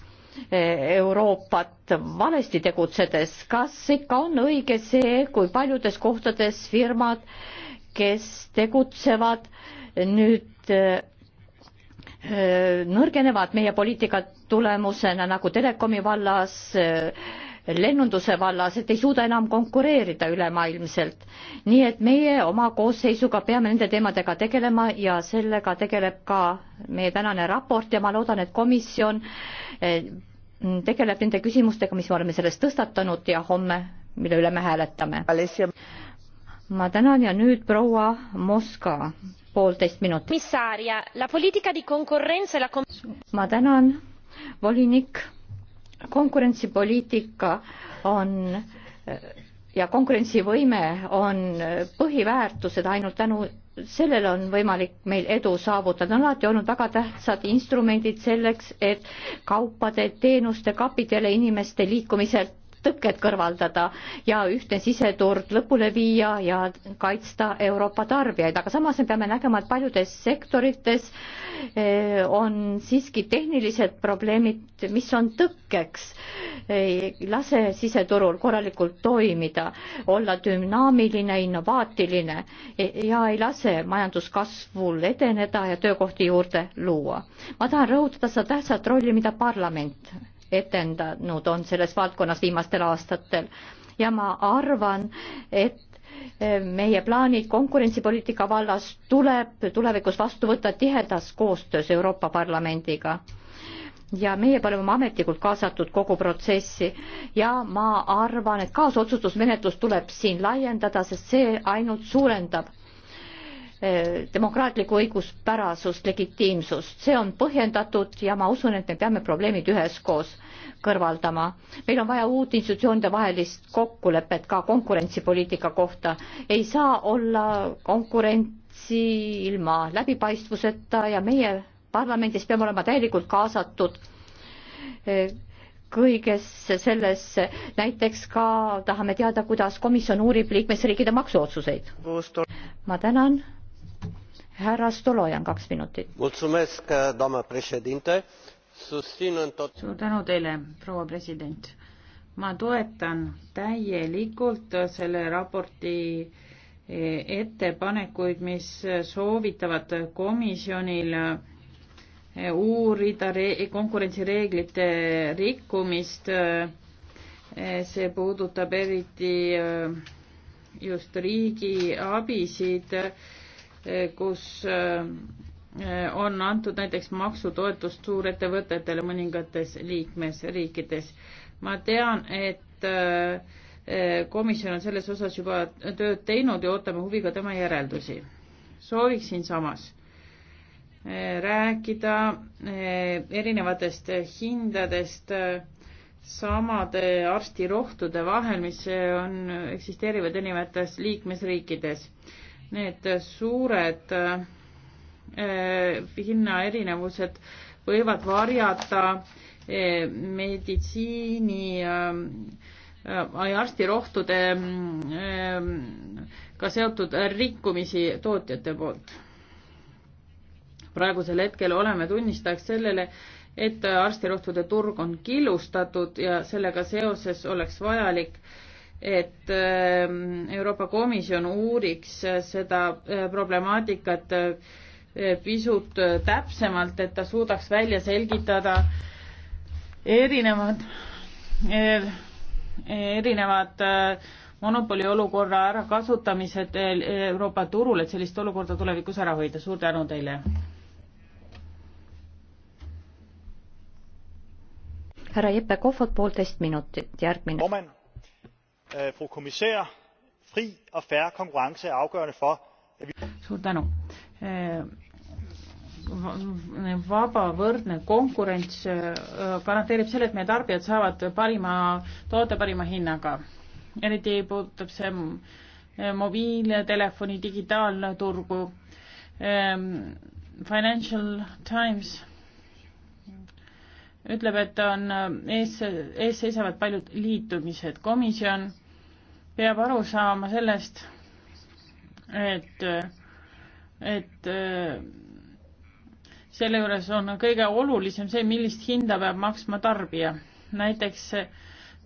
Euroopat valesti tegutsedes, kas ikka on õige see, kui paljudes kohtades firmad, kes tegutsevad nüüd Äh, nõrgenevad meie poliitika tulemusena nagu telekomi vallas, äh, lennunduse vallas, et ei suuda enam konkureerida ülemaailmselt. nii et meie oma koosseisuga peame nende teemadega tegelema ja sellega tegeleb ka meie tänane raport ja ma loodan, et komisjon äh, tegeleb nende küsimustega, mis me oleme selles tõstatanud ja homme, mille üle me hääletame. ma tänan ja nüüd proua Moskva poolteist minutit. E ma tänan, volinik. konkurentsipoliitika on eh, ja konkurentsivõime on eh, põhiväärtused, ainult tänu sellele on võimalik meil edu saavutada, on alati olnud väga tähtsad instrumendid selleks, et kaupade, teenuste, kapitali, inimeste liikumiselt tõkked kõrvaldada ja ühtne siseturg lõpule viia ja kaitsta Euroopa tarbijaid, aga samas me peame nägema, et paljudes sektorites eh, on siiski tehnilised probleemid, mis on tõkkeks. ei eh, lase siseturul korralikult toimida, olla dünaamiline, innovaatiline e, ja ei lase majanduskasvul edeneda ja töökohti juurde luua. ma tahan rõhutada seda tähtsat rolli, mida parlament etendanud on selles valdkonnas viimastel aastatel ja ma arvan, et eh, meie plaanid konkurentsipoliitika vallas tuleb tulevikus vastu võtta tihedas koostöös Euroopa Parlamendiga ja meie oleme ametlikult kaasatud kogu protsessi ja ma arvan, et kaasotsustusmenetlus tuleb siin laiendada, sest see ainult suurendab Eh, demokraatlikku õiguspärasust, legitiimsust. see on põhjendatud ja ma usun, et me peame probleemid üheskoos kõrvaldama. meil on vaja uut institutsioonide vahelist kokkulepet ka konkurentsipoliitika kohta. ei saa olla konkurentsi ilma läbipaistvuseta ja meie parlamendis peame olema täielikult kaasatud eh, kõigesse sellesse, näiteks ka tahame teada, kuidas komisjon uurib liikmesriikide maksuotsuseid. ma tänan härra Stolojan, kaks minutit. suur tänu teile, proua president. ma toetan täielikult selle raporti eh, ettepanekuid, mis soovitavad komisjonil eh, uurida konkurentsireeglite rikkumist. Eh, see puudutab eriti just riigi abisid kus eh, on antud näiteks maksutoetust suurettevõtetele mõningates liikmesriikides. ma tean, et eh, komisjon on selles osas juba tööd teinud ja ootame huviga tema järeldusi. sooviksin samas eh, rääkida erinevatest hindadest samade arstirohtude vahel, mis on, eksisteerivad erinevates liikmesriikides need suured äh, hinnaerinevused võivad varjata äh, meditsiini äh, arstirohtudega seotud rikkumisi tootjate poolt. praegusel hetkel oleme tunnistajaks sellele, et arstirohtude turg on killustatud ja sellega seoses oleks vajalik äh, et ähm, Euroopa Komisjon uuriks äh, seda äh, problemaatikat äh, pisut täpsemalt, et ta suudaks välja selgitada erinevad, erinevad monopoli olukorra ärakasutamised Euroopa turul, et sellist olukorda tulevikus ära hoida. suur tänu teile. härra Jeppe Kohvot, poolteist minutit, järgmine. Øh, fru kommissær, fri og færre konkurrence er afgørende for, at vi... suur tänu. Äh, vaba võrdne konkurents äh, garanteerib selle, et meie tarbijad saavad parima toote parima hinnaga. eriti puudutab see äh, mobiiltelefoni digitaalturgu. Ähm, Financial Times ütleb, et on ees, ees seisavad paljud liitumised. komisjon peab aru saama sellest, et, et selle juures on kõige olulisem see, millist hinda peab maksma tarbija. näiteks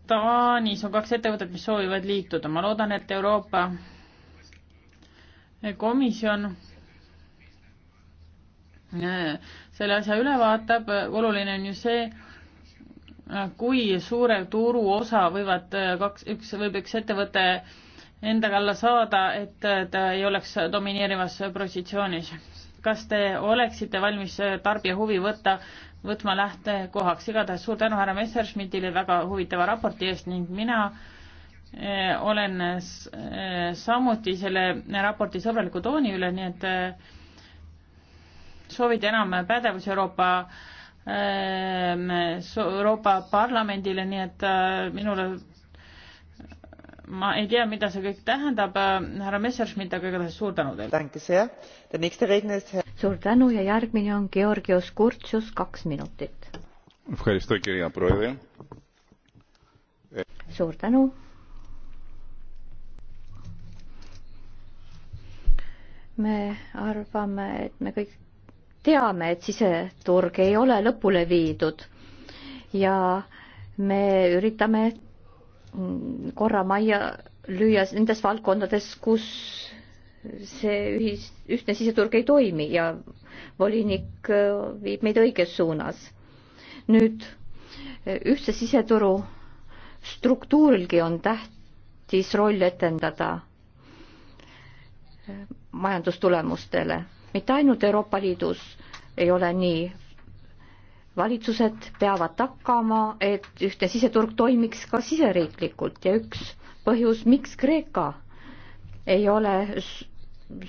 Taanis on kaks ettevõtet, mis soovivad liituda, ma loodan, et Euroopa Komisjon eh, selle asja üle vaatab, oluline on ju see, kui suure turuosa võivad äh, kaks, üks, võib üks ettevõte endaga alla saada, et äh, ta ei oleks domineerivas positsioonis. kas te oleksite valmis äh, tarbija huvi võtta, võtma lähtekohaks, igatahes suur tänu härra Messerschmidtile väga huvitava raporti eest ning mina olen samuti selle raporti sõbraliku tooni üle, nii et soovid enam pädevus Euroopa äh, Ehm, Euroopa Parlamendile, nii et äh, minule ma ei tea, mida see kõik tähendab, äh, härra Messerschmidt, aga igatahes suur tänu teile. suur tänu ja järgmine on Georgios Kurtsus, kaks minutit. suur tänu. me arvame, et me kõik teame, et siseturg ei ole lõpule viidud ja me üritame korra majja lüüa nendes valdkondades, kus see ühis, ühtne siseturg ei toimi ja volinik äh, viib meid õiges suunas. nüüd ühtse siseturu struktuurilgi on tähtis roll etendada äh, majandustulemustele mitte ainult Euroopa Liidus ei ole nii, valitsused peavad takkama, et ühtne siseturg toimiks ka siseriiklikult ja üks põhjus, miks Kreeka ei ole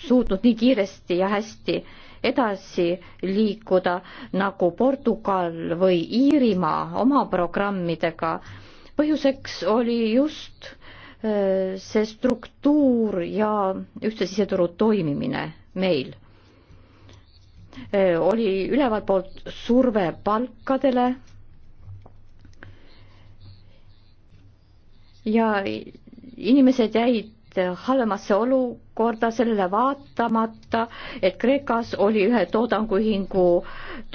suutnud nii kiiresti ja hästi edasi liikuda nagu Portugal või Iirimaa oma programmidega. põhjuseks oli just äh, see struktuur ja ühtse siseturu toimimine meil Äh, oli ülevalt poolt surve palkadele ja inimesed jäid halvemasse olukorda sellele vaatamata, et Kreekas oli ühe toodanguühingu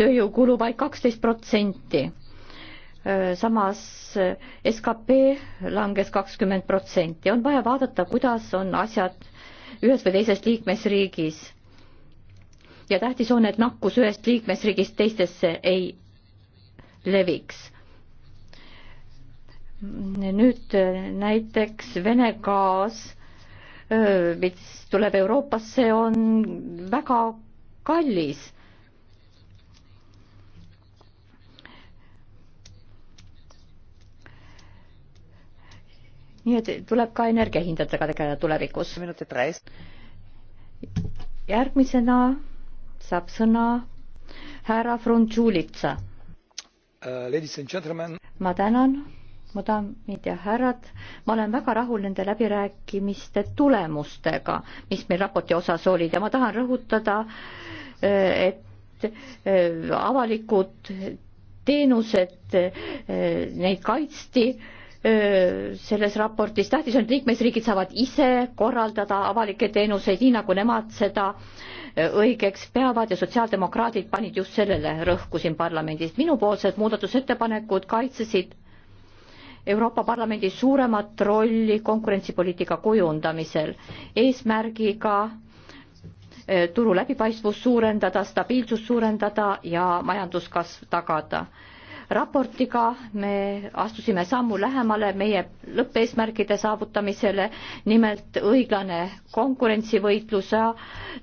tööjõukulu vaid kaksteist protsenti. Äh, samas skp langes kakskümmend protsenti, on vaja vaadata, kuidas on asjad ühes või teises liikmesriigis ja tähtis on, et nakkus ühest liikmesriigist teistesse ei leviks. nüüd äh, näiteks Vene gaas, äh, mis tuleb Euroopasse, on väga kallis nii et tuleb ka energiahindadega tegeleda tulevikus. järgmisena saab sõna härra Frunžulitsa. Uh, ma tänan, mu daamid ja härrad, ma olen väga rahul nende läbirääkimiste tulemustega, mis meil raporti osas olid ja ma tahan rõhutada, eh, et eh, avalikud teenused, eh, neid kaitsti selles raportis, tähtis on, et liikmesriigid saavad ise korraldada avalikke teenuseid nii, nagu nemad seda õigeks peavad ja sotsiaaldemokraadid panid just sellele rõhku siin parlamendis. minupoolsed muudatusettepanekud kaitsesid Euroopa Parlamendi suuremat rolli konkurentsipoliitika kujundamisel, eesmärgiga turu läbipaistvust suurendada, stabiilsust suurendada ja majanduskasv tagada raportiga me astusime sammu lähemale meie lõppeesmärkide saavutamisele, nimelt õiglane konkurentsivõitlus ja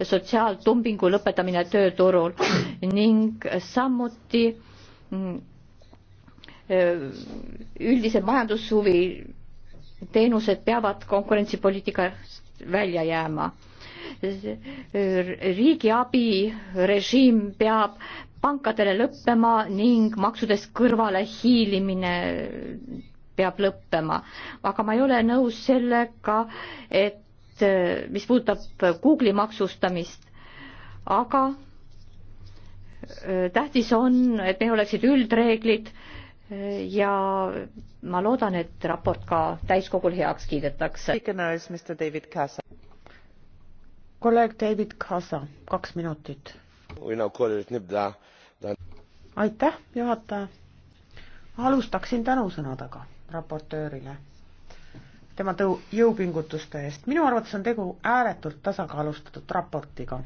sotsiaaltumbingu lõpetamine tööturul ning samuti mm, äh, üldise majandushuvi teenused peavad konkurentsipoliitikast välja jääma riigiabi režiim peab pankadele lõppema ning maksudest kõrvale hiilimine peab lõppema. aga ma ei ole nõus sellega, et eh, mis puudutab Google'i maksustamist, aga eh, tähtis on, et meil oleksid üldreeglid eh, ja ma loodan, et raport ka täiskogul heaks kiidetakse. kolleeg David Kasa, kaks minutit aitäh, juhataja. alustaksin tänusõnadega raportöörile tema tõu-, jõupingutuste eest. minu arvates on tegu ääretult tasakaalustatud raportiga.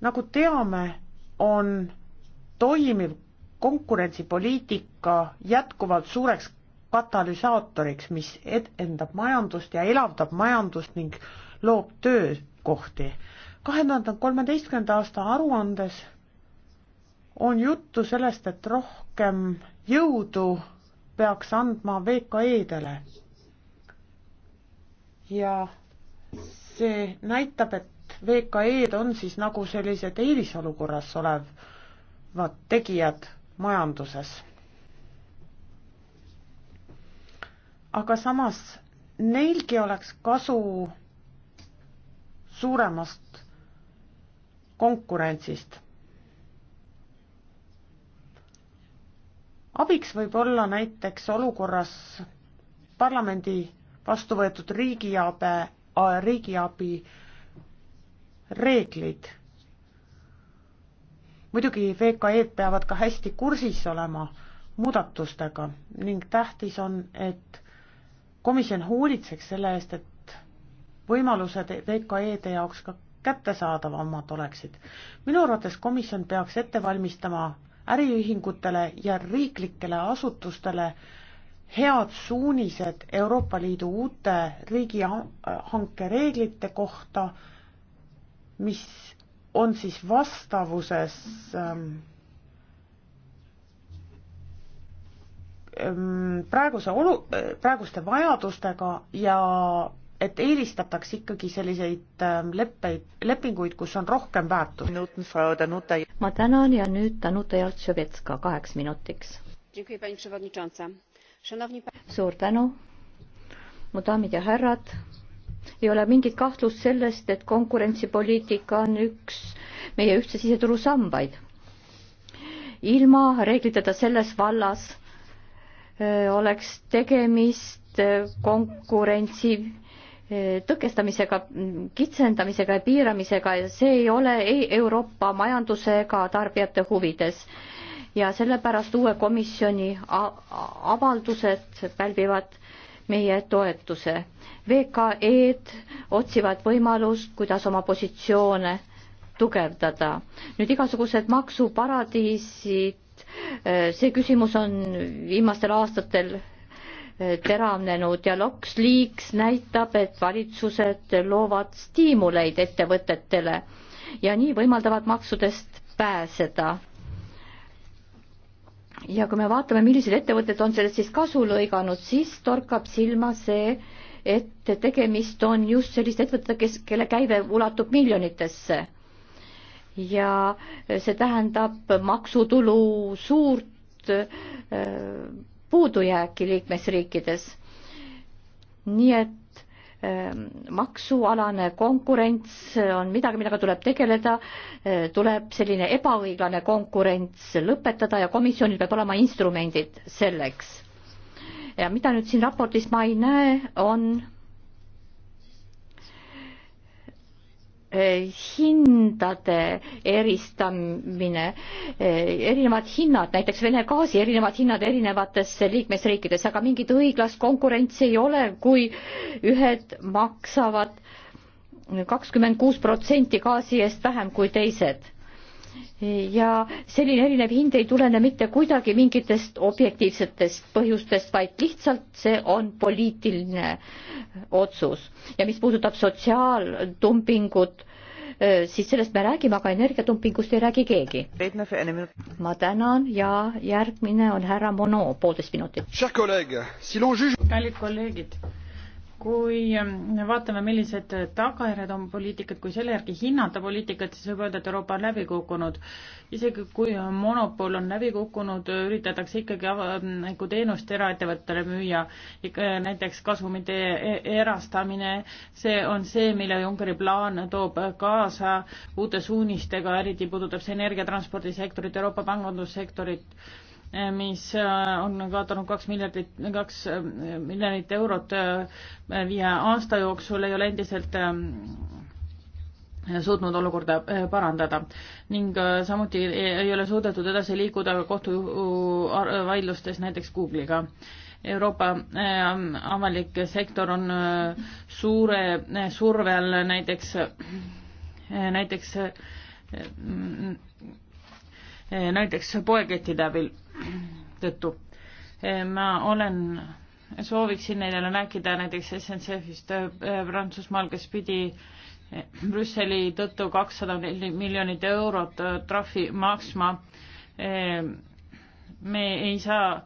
nagu teame, on toimiv konkurentsipoliitika jätkuvalt suureks katalüsaatoriks, mis edendab majandust ja elavdab majandust ning loob töö, töökohti. kahe tuhande kolmeteistkümnenda aasta aruandes on juttu sellest, et rohkem jõudu peaks andma VKE-dele. ja see näitab, et VKE-d on siis nagu sellised eelisolukorras olevad tegijad majanduses. aga samas neilgi oleks kasu suuremast konkurentsist. abiks võib olla näiteks olukorras parlamendi vastu võetud riigiabe, riigiabi reeglid. muidugi VKE-d peavad ka hästi kursis olema muudatustega ning tähtis on, et komisjon hoolitseks selle eest, et võimalused VKE-de jaoks ka kättesaadavamad oleksid. minu arvates komisjon peaks ette valmistama äriühingutele ja riiklikele asutustele head suunised Euroopa Liidu uute riigihanke reeglite kohta, mis on siis vastavuses ähm, ähm praeguse olu, äh, praeguste vajadustega ja et eelistataks ikkagi selliseid ähm, leppeid, lepinguid, kus on rohkem väärtust. ma tänan ja nüüd Danuta Jaltševetska kaheks minutiks. suur tänu, mu daamid ja härrad. ei ole mingit kahtlust sellest, et konkurentsipoliitika on üks meie ühtse siseturu sambaid. ilma reegliteta selles vallas öö, äh, oleks tegemist äh, konkurentsi tõkestamisega, kitsendamisega ja piiramisega ja see ei ole ei Euroopa majanduse ega tarbijate huvides. ja sellepärast uue komisjoni avaldused pälvivad meie toetuse. VKE-d otsivad võimalust, kuidas oma positsioone tugevdada. nüüd igasugused maksuparadiisid, see küsimus on viimastel aastatel Eh, teravnenud ja LoxLeaks näitab, et valitsused loovad stiimuleid ettevõtetele ja nii võimaldavad maksudest pääseda. ja kui me vaatame, millised ettevõtted on sellest siis kasu lõiganud, siis torkab silma see, et tegemist on just selliste ettevõtetega, kes, kelle käive ulatub miljonitesse. ja see tähendab maksutulu suurt öö, eh, puudujääki liikmesriikides. nii et ähm, maksualane konkurents on midagi, millega tuleb tegeleda, äh, tuleb selline ebaõiglane konkurents lõpetada ja komisjonil peab olema instrumendid selleks. ja mida nüüd siin raportis ma ei näe, on Eh, hindade eristamine, eh, erinevad hinnad, näiteks Vene gaasi erinevad hinnad erinevates liikmesriikides, aga mingit õiglast konkurentsi ei ole, kui ühed maksavad kakskümmend kuus protsenti gaasi eest vähem kui teised ja selline erinev hind ei tulene mitte kuidagi mingitest objektiivsetest põhjustest, vaid lihtsalt see on poliitiline otsus. ja mis puudutab sotsiaaltumpingut, äh, siis sellest me räägime, aga energiatumpingust ei räägi keegi. ma tänan ja järgmine on härra Mono, poolteist minutit. kallid kolleegid kui ähm, vaatame, millised tagajärjed on poliitikat, kui selle järgi hinnata poliitikat, siis võib öelda, et Euroopa on läbi kukkunud. isegi kui monopol on läbi kukkunud, üritatakse ikkagi avalikku teenust eraettevõttele müüa, äh, näiteks kasumite e-, e-, erastamine, see on see, mille Ungari plaan toob kaasa uute suunistega, eriti puudutab see energia, transpordisektorit, Euroopa pangandussektorit mis äh, on kaotanud kaks miljardit, kaks äh, miljonit eurot äh, viie aasta jooksul, ei ole endiselt ähm, suutnud olukorda parandada ning samuti ei ole suudetud edasi liikuda kohtuvaidlustes näiteks Google'iga. Euroopa ähm, avalik sektor on suure surve all näiteks, näiteks, mm, näiteks poekettide abil tõttu. Eh, ma olen, sooviksin neile rääkida näiteks SNCF-ist eh, Prantsusmaal, kes pidi eh, Brüsseli tõttu kakssada miljonit eurot trahvi maksma. me ei saa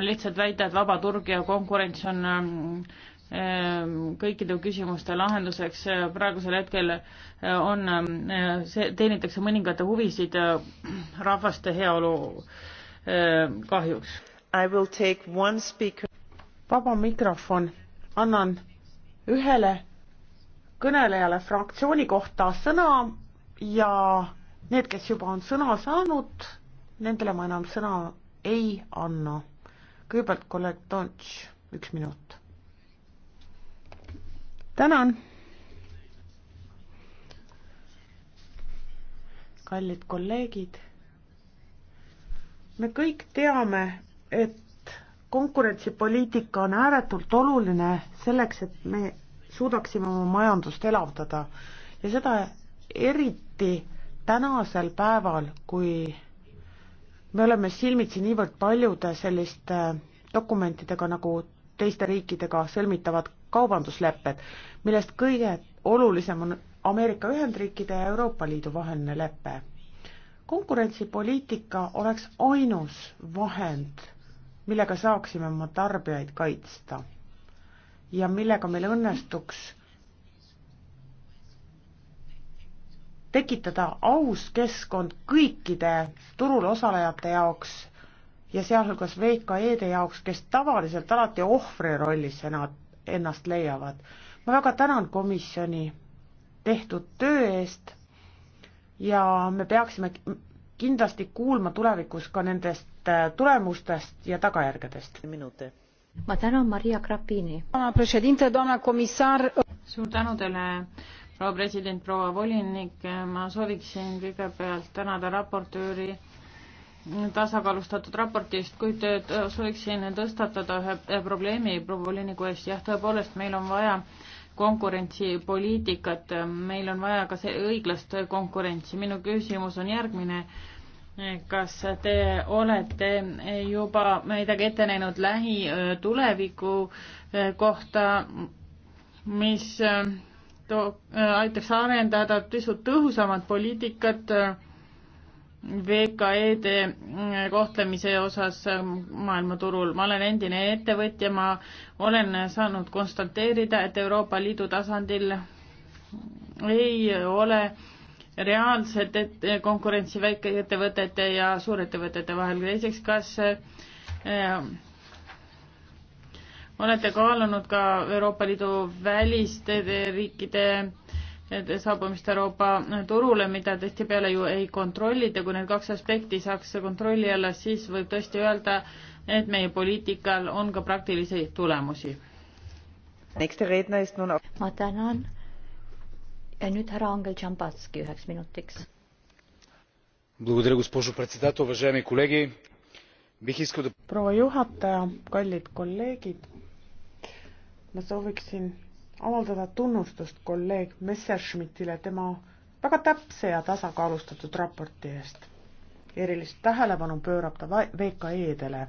lihtsalt väita, et vaba turg ja konkurents on mm, kõikide küsimuste lahenduseks praegusel hetkel on, see teenitakse mõningate huvisid rahvaste heaolu Ehm, kahjuks. vaba mikrofon, annan ühele kõnelejale fraktsiooni kohta sõna ja need, kes juba on sõna saanud, nendele ma enam sõna ei anna. kõigepealt kolleeg Tontš, üks minut. tänan. kallid kolleegid me kõik teame, et konkurentsipoliitika on ääretult oluline selleks, et me suudaksime oma majandust elavdada ja seda eriti tänasel päeval, kui me oleme silmitsi niivõrd paljude selliste dokumentidega nagu teiste riikidega sõlmitavad kaubanduslepped, millest kõige olulisem on Ameerika Ühendriikide ja Euroopa Liidu vaheline lepe konkurentsipoliitika oleks ainus vahend, millega saaksime oma tarbijaid kaitsta ja millega meil õnnestuks tekitada aus keskkond kõikide turul osalejate jaoks ja sealhulgas VKE-de jaoks, kes tavaliselt alati ohvrirollis ennast leiavad. ma väga tänan komisjoni tehtud töö eest ja me peaksime kindlasti kuulma tulevikus ka nendest äh, tulemustest ja tagajärgedest. ma tänan Maria Krapini. suur tänu teile, proua president, proua volinik, ma sooviksin kõigepealt tänada raportööri tasakaalustatud raportist, kuid äh, sooviksin tõstatada ühe äh, probleemi proua voliniku eest, jah, tõepoolest, meil on vaja äh, konkurentsipoliitikat, meil on vaja ka see õiglast konkurentsi. minu küsimus on järgmine. kas te olete juba midagi ette näinud lähituleviku kohta, mis to-, aitaks arendada pisut tõhusamat poliitikat VKE-de mm, kohtlemise osas maailmaturul. ma olen endine ettevõtja, ma olen saanud konstateerida, et Euroopa Liidu tasandil ei ole reaalset et-, konkurentsi väikeettevõtete ja suurettevõtete vahel. teiseks, kas äh, olete kaalunud ka Euroopa Liidu väliste riikide äh, saabumist Euroopa turule, mida tihtipeale ju ei kontrollita, kui need kaks aspekti saaks kontrolli alla, siis võib tõesti öelda, et meie poliitikal on ka praktilisi tulemusi. ma tänan. ja nüüd härra Angel Tšambatski üheks minutiks. proua juhataja, kallid kolleegid, ma sooviksin avaldada tunnustust kolleeg Messerschmittile tema väga täpse ja tasakaalustatud raporti eest. erilist tähelepanu pöörab ta VKE-dele.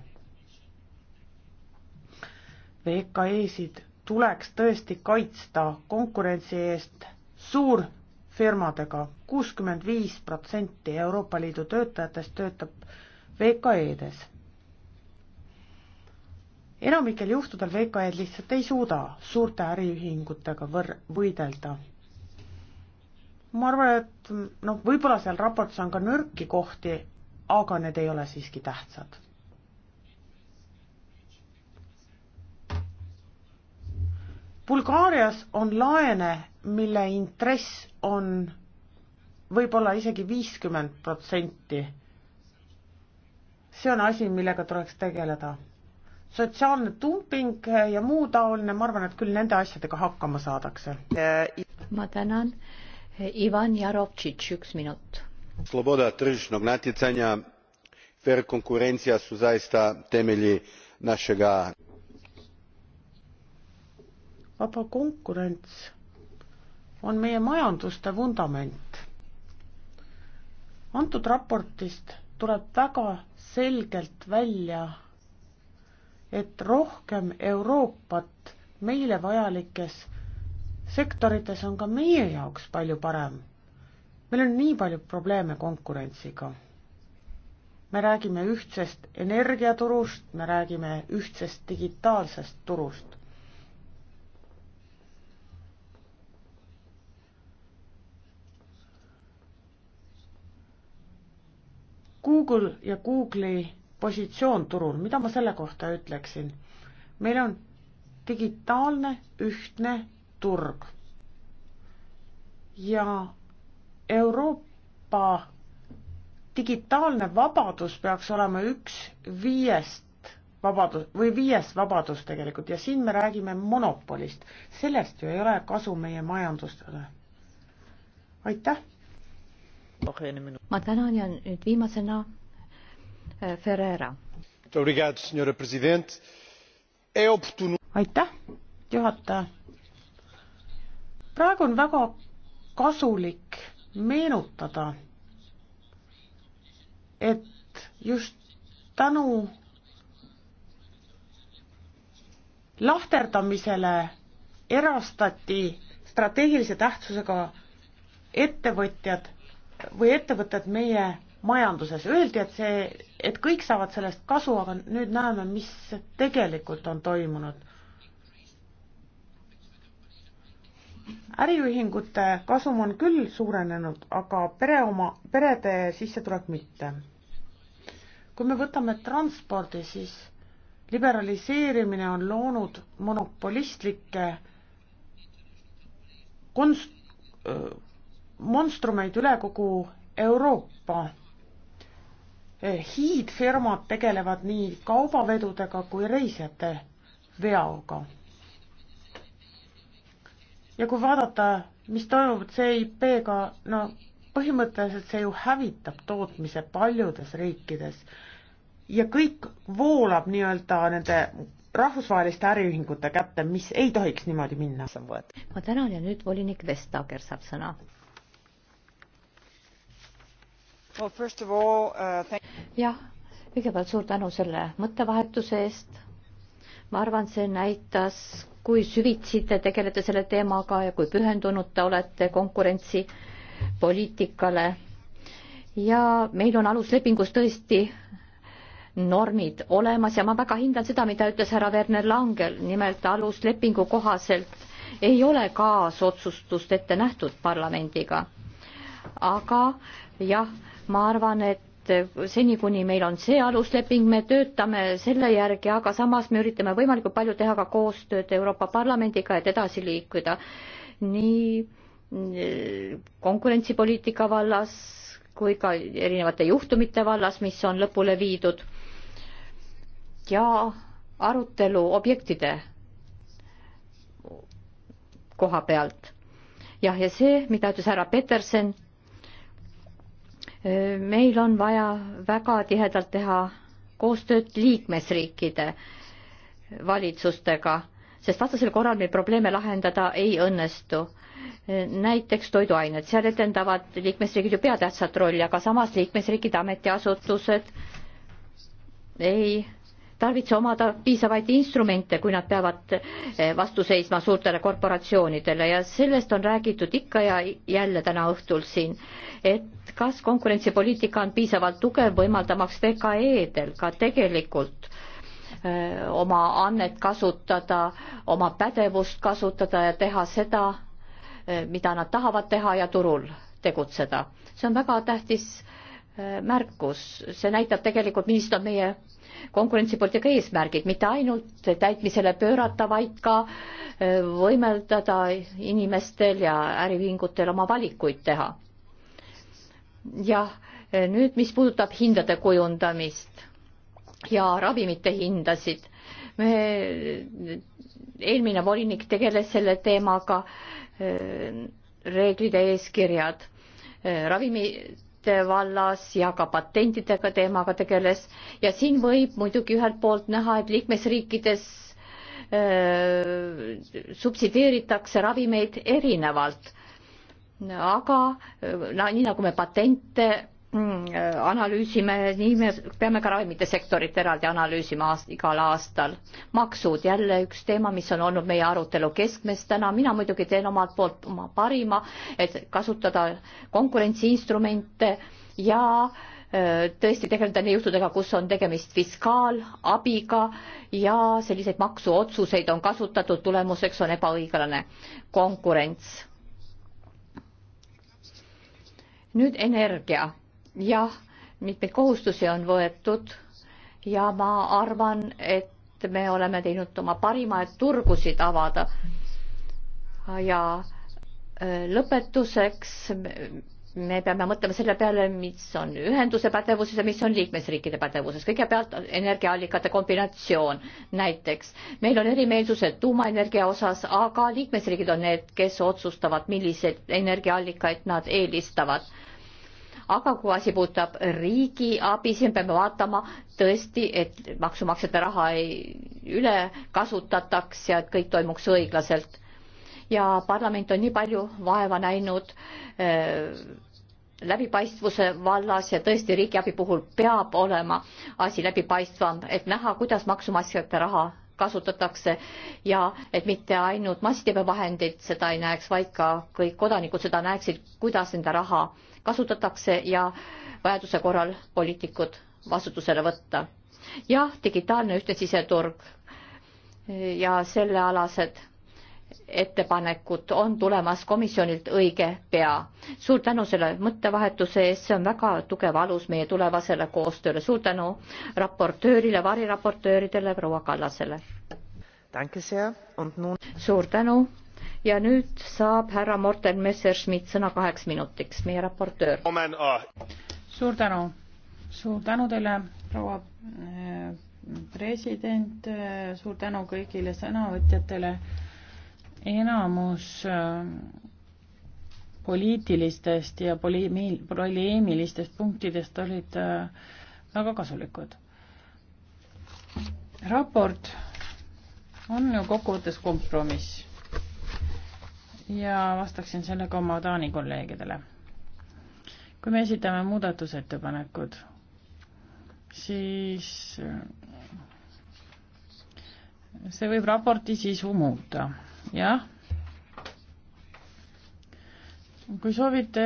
VKE-sid tuleks tõesti kaitsta konkurentsi eest suurfirmadega. kuuskümmend viis protsenti Euroopa Liidu töötajatest töötab VKE-des enamikel juhtudel VKE-d lihtsalt ei suuda suurte äriühingutega võr-, võidelda. ma arvan, et noh, võib-olla seal raportis on ka nõrki kohti, aga need ei ole siiski tähtsad. Bulgaarias on laene, mille intress on võib-olla isegi viiskümmend protsenti. see on asi, millega tuleks tegeleda sotsiaalne dumping ja muu taoline, ma arvan, et küll nende asjadega hakkama saadakse. ma tänan. Ivan Jarovtšitš, üks minut. Sloboda tržišnog natjecanja, fair konkurencija su zaista temelji našega vaba konkurents on meie majanduste vundament. antud raportist tuleb väga selgelt välja et rohkem Euroopat meile vajalikes sektorites on ka meie jaoks palju parem. meil on nii palju probleeme konkurentsiga. me räägime ühtsest energiaturust, me räägime ühtsest digitaalsest turust. Google ja Google'i positsioon turul, mida ma selle kohta ütleksin? meil on digitaalne ühtne turg ja Euroopa digitaalne vabadus peaks olema üks viiest vabadus või viies vabadus tegelikult ja siin me räägime monopolist, sellest ju ei ole kasu meie majandustele. aitäh! Noh, ma tänan ja nüüd viimasena Eh, Ferreira. aitäh, juhataja. praegu on väga kasulik meenutada, et just tänu lahterdamisele erastati strateegilise tähtsusega ettevõtjad või ettevõtted meie majanduses. Öeldi, et see et kõik saavad sellest kasu, aga nüüd näeme, mis tegelikult on toimunud. äriühingute kasum on küll suurenenud, aga pere oma, perede sissetulek mitte. kui me võtame transpordi, siis liberaliseerimine on loonud monopolistlikke konst-, monstrumeid üle kogu Euroopa Eh, hiidfirmad tegelevad nii kaubavedudega kui reisijate veoga. ja kui vaadata, mis toimub CIP-ga, no põhimõtteliselt see ju hävitab tootmise paljudes riikides ja kõik voolab nii-öelda nende rahvusvaheliste äriühingute kätte, mis ei tohiks niimoodi minna. ma tänan ja nüüd volinik Vestager saab sõna Uh, jah, kõigepealt suur tänu selle mõttevahetuse eest. ma arvan, see näitas, kui süvitsi te tegelete selle teemaga ja kui pühendunud te olete konkurentsipoliitikale. ja meil on aluslepingus tõesti normid olemas ja ma väga hindan seda, mida ütles härra Werner Langel, nimelt aluslepingu kohaselt ei ole kaasotsustust ette nähtud parlamendiga. aga jah, ma arvan, et seni, kuni meil on see alusleping, me töötame selle järgi, aga samas me üritame võimalikult palju teha ka koostööd Euroopa Parlamendiga, et edasi liikuda nii eh, konkurentsipoliitika vallas kui ka erinevate juhtumite vallas, mis on lõpule viidud ja arutelu objektide koha pealt. jah, ja see, mida ütles härra Peterson meil on vaja väga tihedalt teha koostööd liikmesriikide valitsustega, sest vastasel korral meil probleeme lahendada ei õnnestu. näiteks toiduained, seal etendavad liikmesriigid ju peatähtsat rolli, aga samas liikmesriikide ametiasutused ei tarvitse omada piisavaid instrumente, kui nad peavad eh, vastu seisma suurtele korporatsioonidele ja sellest on räägitud ikka ja jälle täna õhtul siin, et kas konkurentsipoliitika on piisavalt tugev, võimaldamaks VKE-del ka tegelikult öö, eh, oma annet kasutada, oma pädevust kasutada ja teha seda, eh, mida nad tahavad teha ja turul tegutseda. see on väga tähtis öö, Äh, märkus, see näitab tegelikult, millised on meie konkurentsipoliitika eesmärgid, mitte ainult täitmisele pöörata, vaid ka äh, võimeldada inimestel ja äriühingutel oma valikuid teha. jah, äh, nüüd, mis puudutab hindade kujundamist ja ravimite hindasid, me, eelmine volinik tegeles selle teemaga, reeglid ja eeskirjad ravimi ravimite vallas ja ka patentidega teemaga tegeles ja siin võib muidugi ühelt poolt näha, et liikmesriikides öö, äh, subsideeritakse ravimeid erinevalt. aga äh, no, nii nagu me patente Mm, analüüsime, nii me peame ka ravimite sektorit eraldi analüüsima aast, igal aastal. maksud jälle üks teema, mis on olnud meie arutelu keskmes täna, mina muidugi teen omalt poolt oma parima, et kasutada konkurentsiinstrumente ja tõesti tegeleda nende juhtudega, kus on tegemist fiskaalabiga ja selliseid maksuotsuseid on kasutatud, tulemuseks on ebaõiglane konkurents. nüüd energia jah, mitmeid kohustusi on võetud ja ma arvan, et me oleme teinud oma parima, et turgusid avada. ja äh, lõpetuseks me peame mõtlema selle peale, mis on ühenduse pädevuses ja mis on liikmesriikide pädevuses. kõigepealt energiaallikate kombinatsioon näiteks. meil on erimeelsused tuumaenergia osas, aga liikmesriigid on need, kes otsustavad, milliseid energiaallikaid nad eelistavad aga kui asi puudutab riigiabi, siis me peame vaatama tõesti, et maksumaksjate raha ei üle kasutataks ja et kõik toimuks õiglaselt. ja parlament on nii palju vaeva näinud äh, läbipaistvuse vallas ja tõesti riigiabi puhul peab olema asi läbipaistvam, et näha, kuidas maksumaksjate raha kasutatakse ja et mitte ainult massiteabevahendid seda ei näeks, vaid ka kõik kodanikud seda näeksid, kuidas nende raha äh, kasutatakse ja vajaduse korral poliitikud vastutusele võtta. jah, digitaalne ühtne siseturg ja sellealased ettepanekud on tulemas komisjonilt õige pea. suur tänu selle mõttevahetuse eest, see on väga tugev alus meie tulevasele koostööle. suur tänu raportöörile, variraportööridele, proua Kallasele. suur tänu ja nüüd saab härra Morten Messerschmidt sõna kaheks minutiks, meie raportöör. suur tänu, suur tänu teile, proua äh, president, suur tänu kõigile sõnavõtjatele. enamus äh, poliitilistest ja poli-, poleemilistest punktidest olid äh, väga kasulikud. raport on ju kokkuvõttes kompromiss ja vastaksin sellega oma Taani kolleegidele. kui me esitame muudatusettepanekud, siis äh, see võib raporti sisu muuta, jah. kui soovite,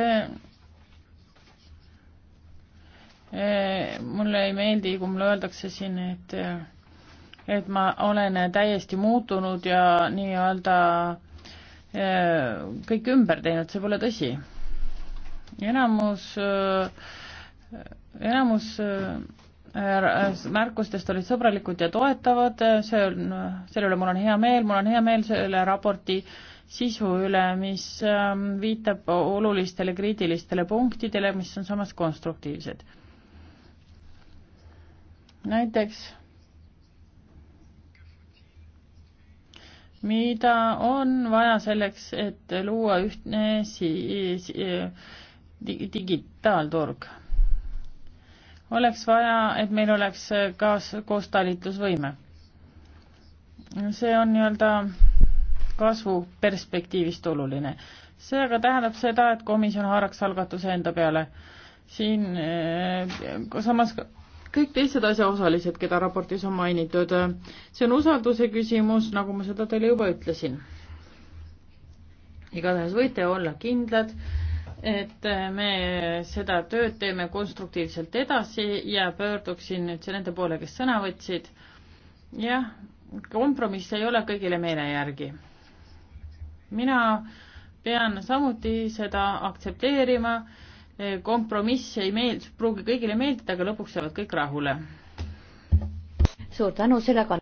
äh, mulle ei meeldi, kui mulle öeldakse siin, et, äh, et ma olen täiesti muutunud ja nii-öelda Äh, kõik ümber teinud, see pole tõsi. enamus, äh, enamus äh, märkustest olid sõbralikud ja toetavad, see on, selle üle mul on hea meel, mul on hea meel selle raporti sisu üle, mis ähm, viitab olulistele kriitilistele punktidele, mis on samas konstruktiivsed. näiteks mida on vaja selleks, et luua ühtne si-, si-, digitaalturg. oleks vaja, et meil oleks kaas-, koostalitlusvõime. see on nii-öelda kasvuperspektiivist oluline. see aga tähendab seda, et komisjon haaraks algatuse enda peale. siin eh, samas kõik teised asjaosalised, keda raportis on mainitud. see on usalduse küsimus, nagu ma seda teile juba ütlesin. igatahes võite olla kindlad, et me seda tööd teeme konstruktiivselt edasi ja pöörduksin nüüd nende poole, kes sõna võtsid. jah, kompromiss ei ole kõigile meele järgi. mina pean samuti seda aktsepteerima kompromiss ei meeld-, pruugi kõigile meeldida, aga lõpuks jäävad kõik rahule. suur tänu, sellega